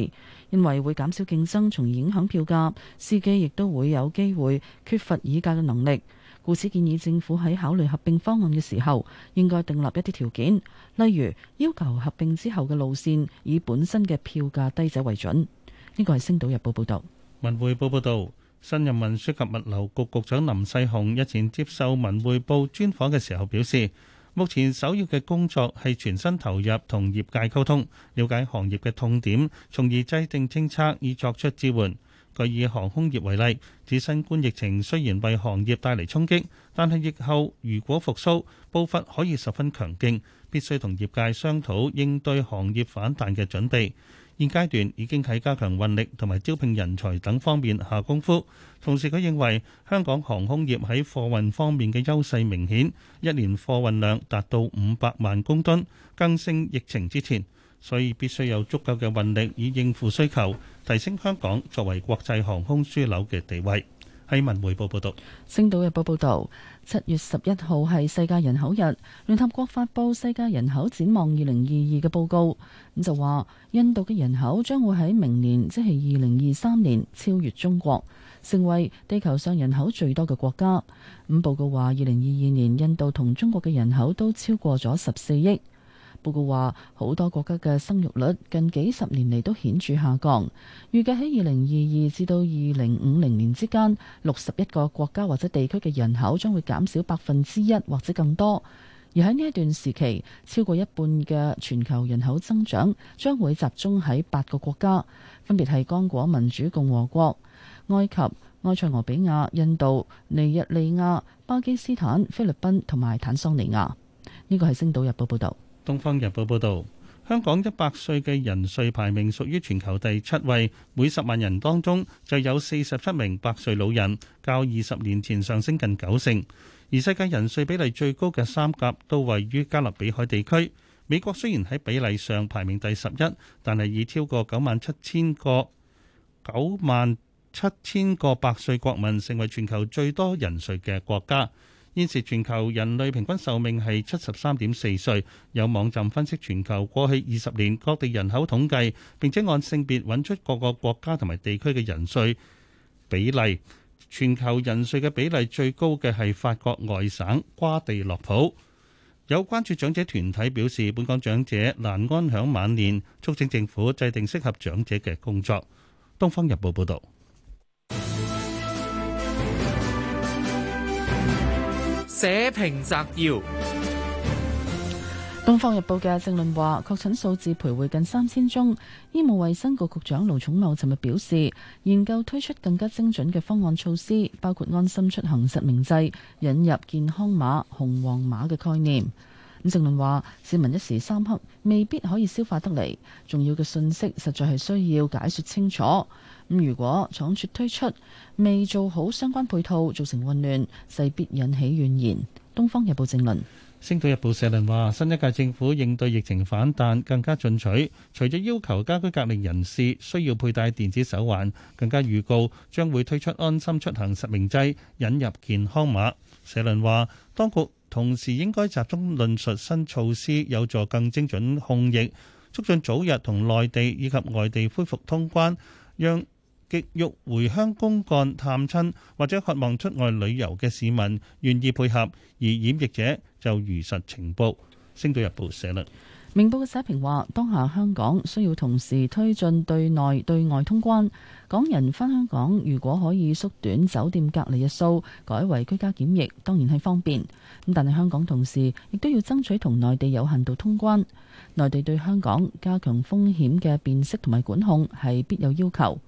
因為會減少競爭，從而影響票價。司機亦都會有機會缺乏議價嘅能力，故此建議政府喺考慮合併方案嘅時候，應該訂立一啲條件。例如要求合併之後嘅路線以本身嘅票價低者為準，呢個係星島日報報道。文匯報報道新任運輸及物流局局,局長林世雄日前接受《文匯報》專訪嘅時候表示，目前首要嘅工作係全心投入同業界溝通，了解行業嘅痛點，從而制定政策以作出支援。佢以航空業為例，指新冠疫情雖然為行業帶嚟衝擊。但係疫後如果復甦步伐可以十分強勁，必須同業界商討應對行業反彈嘅準備。現階段已經喺加強運力同埋招聘人才等方面下功夫。同時，佢認為香港航空業喺貨運方面嘅優勢明顯，一年貨運量達到五百萬公噸，更勝疫情之前，所以必須有足夠嘅運力以應付需求，提升香港作為國際航空樞紐嘅地位。喺文匯報報道，星島日報報道，七月十一號係世界人口日，聯合國發布世界人口展望二零二二嘅報告，咁就話印度嘅人口將會喺明年，即係二零二三年，超越中國，成為地球上人口最多嘅國家。咁報告話，二零二二年印度同中國嘅人口都超過咗十四億。報告話，好多國家嘅生育率近幾十年嚟都顯著下降，預計喺二零二二至到二零五零年之間，六十一個國家或者地區嘅人口將會減少百分之一或者更多。而喺呢一段時期，超過一半嘅全球人口增長將會集中喺八個國家，分別係剛果民主共和國、埃及、埃塞俄比亞、印度、尼日利亞、巴基斯坦、菲律賓同埋坦桑尼亞。呢個係《星島日報》報導。《東方日報》報導，香港一百歲嘅人數排名屬於全球第七位，每十萬人當中就有四十七名百歲老人，較二十年前上升近九成。而世界人數比例最高嘅三甲都位於加勒比海地區。美國雖然喺比例上排名第十一，但係已超過九萬七千個九萬七千個百歲國民，成為全球最多人數嘅國家。現時全球人類平均壽命係七十三點四歲。有網站分析全球過去二十年各地人口統計，並且按性別揾出各個國家同埋地區嘅人數比例。全球人數嘅比例最高嘅係法國外省瓜地洛普。有關注長者團體表示，本港長者難安享晚年，促請政府制定適合長者嘅工作。《東方日報》報道。社評摘要：《東方日報》嘅正論話，確診數字徘徊近三千宗，醫務衛生局局長盧寵茂尋日表示，研究推出更加精準嘅方案措施，包括安心出行實名制，引入健康碼、紅黃碼嘅概念。政論話：市民一時三刻未必可以消化得嚟，重要嘅信息實在係需要解説清楚。咁如果倉卒推出未做好相關配套，造成混亂，勢必引起怨言。《東方日報》政論，《星島日報》社論話：新一屆政府應對疫情反彈更加進取，除咗要求家居隔離人士需要佩戴電子手環，更加預告將會推出安心出行實名制，引入健康碼。社論話：當局同時應該集中論述新措施有助更精準控疫，促進早日同內地以及外地恢復通關，讓極欲回鄉公幹探親或者渴望出外旅遊嘅市民願意配合，而染疫者就如實情報。星島日報社論。明報嘅社評話：當下香港需要同時推進對內對外通關，港人返香港如果可以縮短酒店隔離日數，改為居家檢疫，當然係方便。咁但係香港同時亦都要爭取同內地有限度通關，內地對香港加強風險嘅辨識同埋管控係必有要求。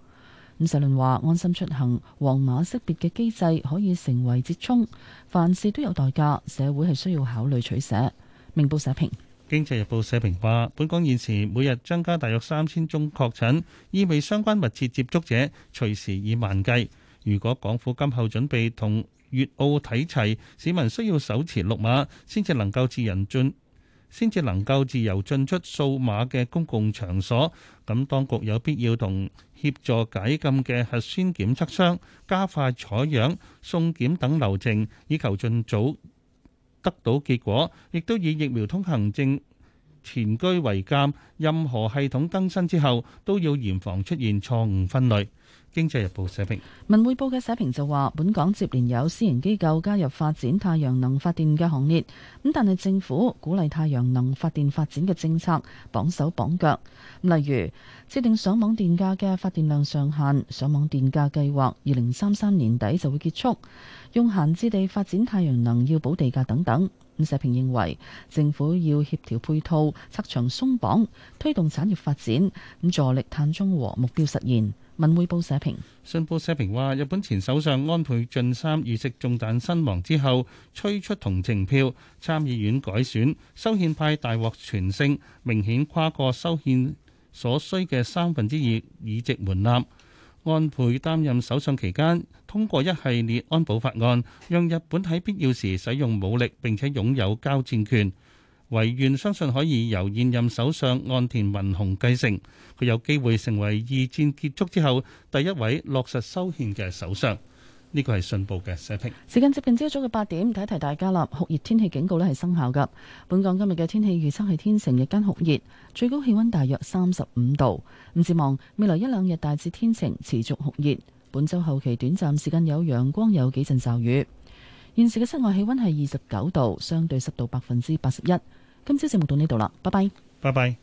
伍世倫話：安心出行黃碼識別嘅機制可以成為折衷，凡事都有代價，社會係需要考慮取捨。明報社評。《經濟日報》社評話：本港現時每日增加大約三千宗確診，意味相關密切接觸者隨時以萬計。如果港府今後準備同粵澳睇齊，市民需要手持綠碼先至能夠自由進出數碼嘅公共場所，咁當局有必要同協助解禁嘅核酸檢測商，加快採樣、送檢等流程，以求盡早得到結果，亦都以疫苗通行證前居為鑒，任何系統更新之後，都要嚴防出現錯誤分類。《經濟日報》社評，《文匯報》嘅社評就話：本港接連有私營機構加入發展太陽能發電嘅行列，咁但係政府鼓勵太陽能發電發展嘅政策綁手綁腳。例如設定上網電價嘅發電量上限，上網電價計劃二零三三年底就會結束，用閒置地發展太陽能要補地價等等。咁社評認為政府要協調配套、拆牆鬆綁，推動產業發展，咁助力碳中和目標實現。文匯報社評，信報社評話，日本前首相安倍晉三遇刺中彈身亡之後，催出同情票。參議院改選，修憲派大獲全勝，明顯跨過修憲所需嘅三分之二議席門檻。安倍擔任首相期間，通過一系列安保法案，讓日本喺必要時使用武力，並且擁有交戰權。遺願相信可以由現任首相岸田文雄繼承，佢有機會成為二戰結束之後第一位落實修憲嘅首相。呢個係信報嘅社評。時間接近朝早嘅八點，提提大家啦，酷熱天氣警告咧係生效嘅。本港今日嘅天氣預測係天晴日間酷熱，最高氣温大約三十五度。唔指望未來一兩日大致天晴，持續酷熱。本周後期短暫時間有陽光，有幾陣驟雨。現時嘅室外氣温係二十九度，相對濕度百分之八十一。今朝節目到呢度喇，拜拜，拜拜。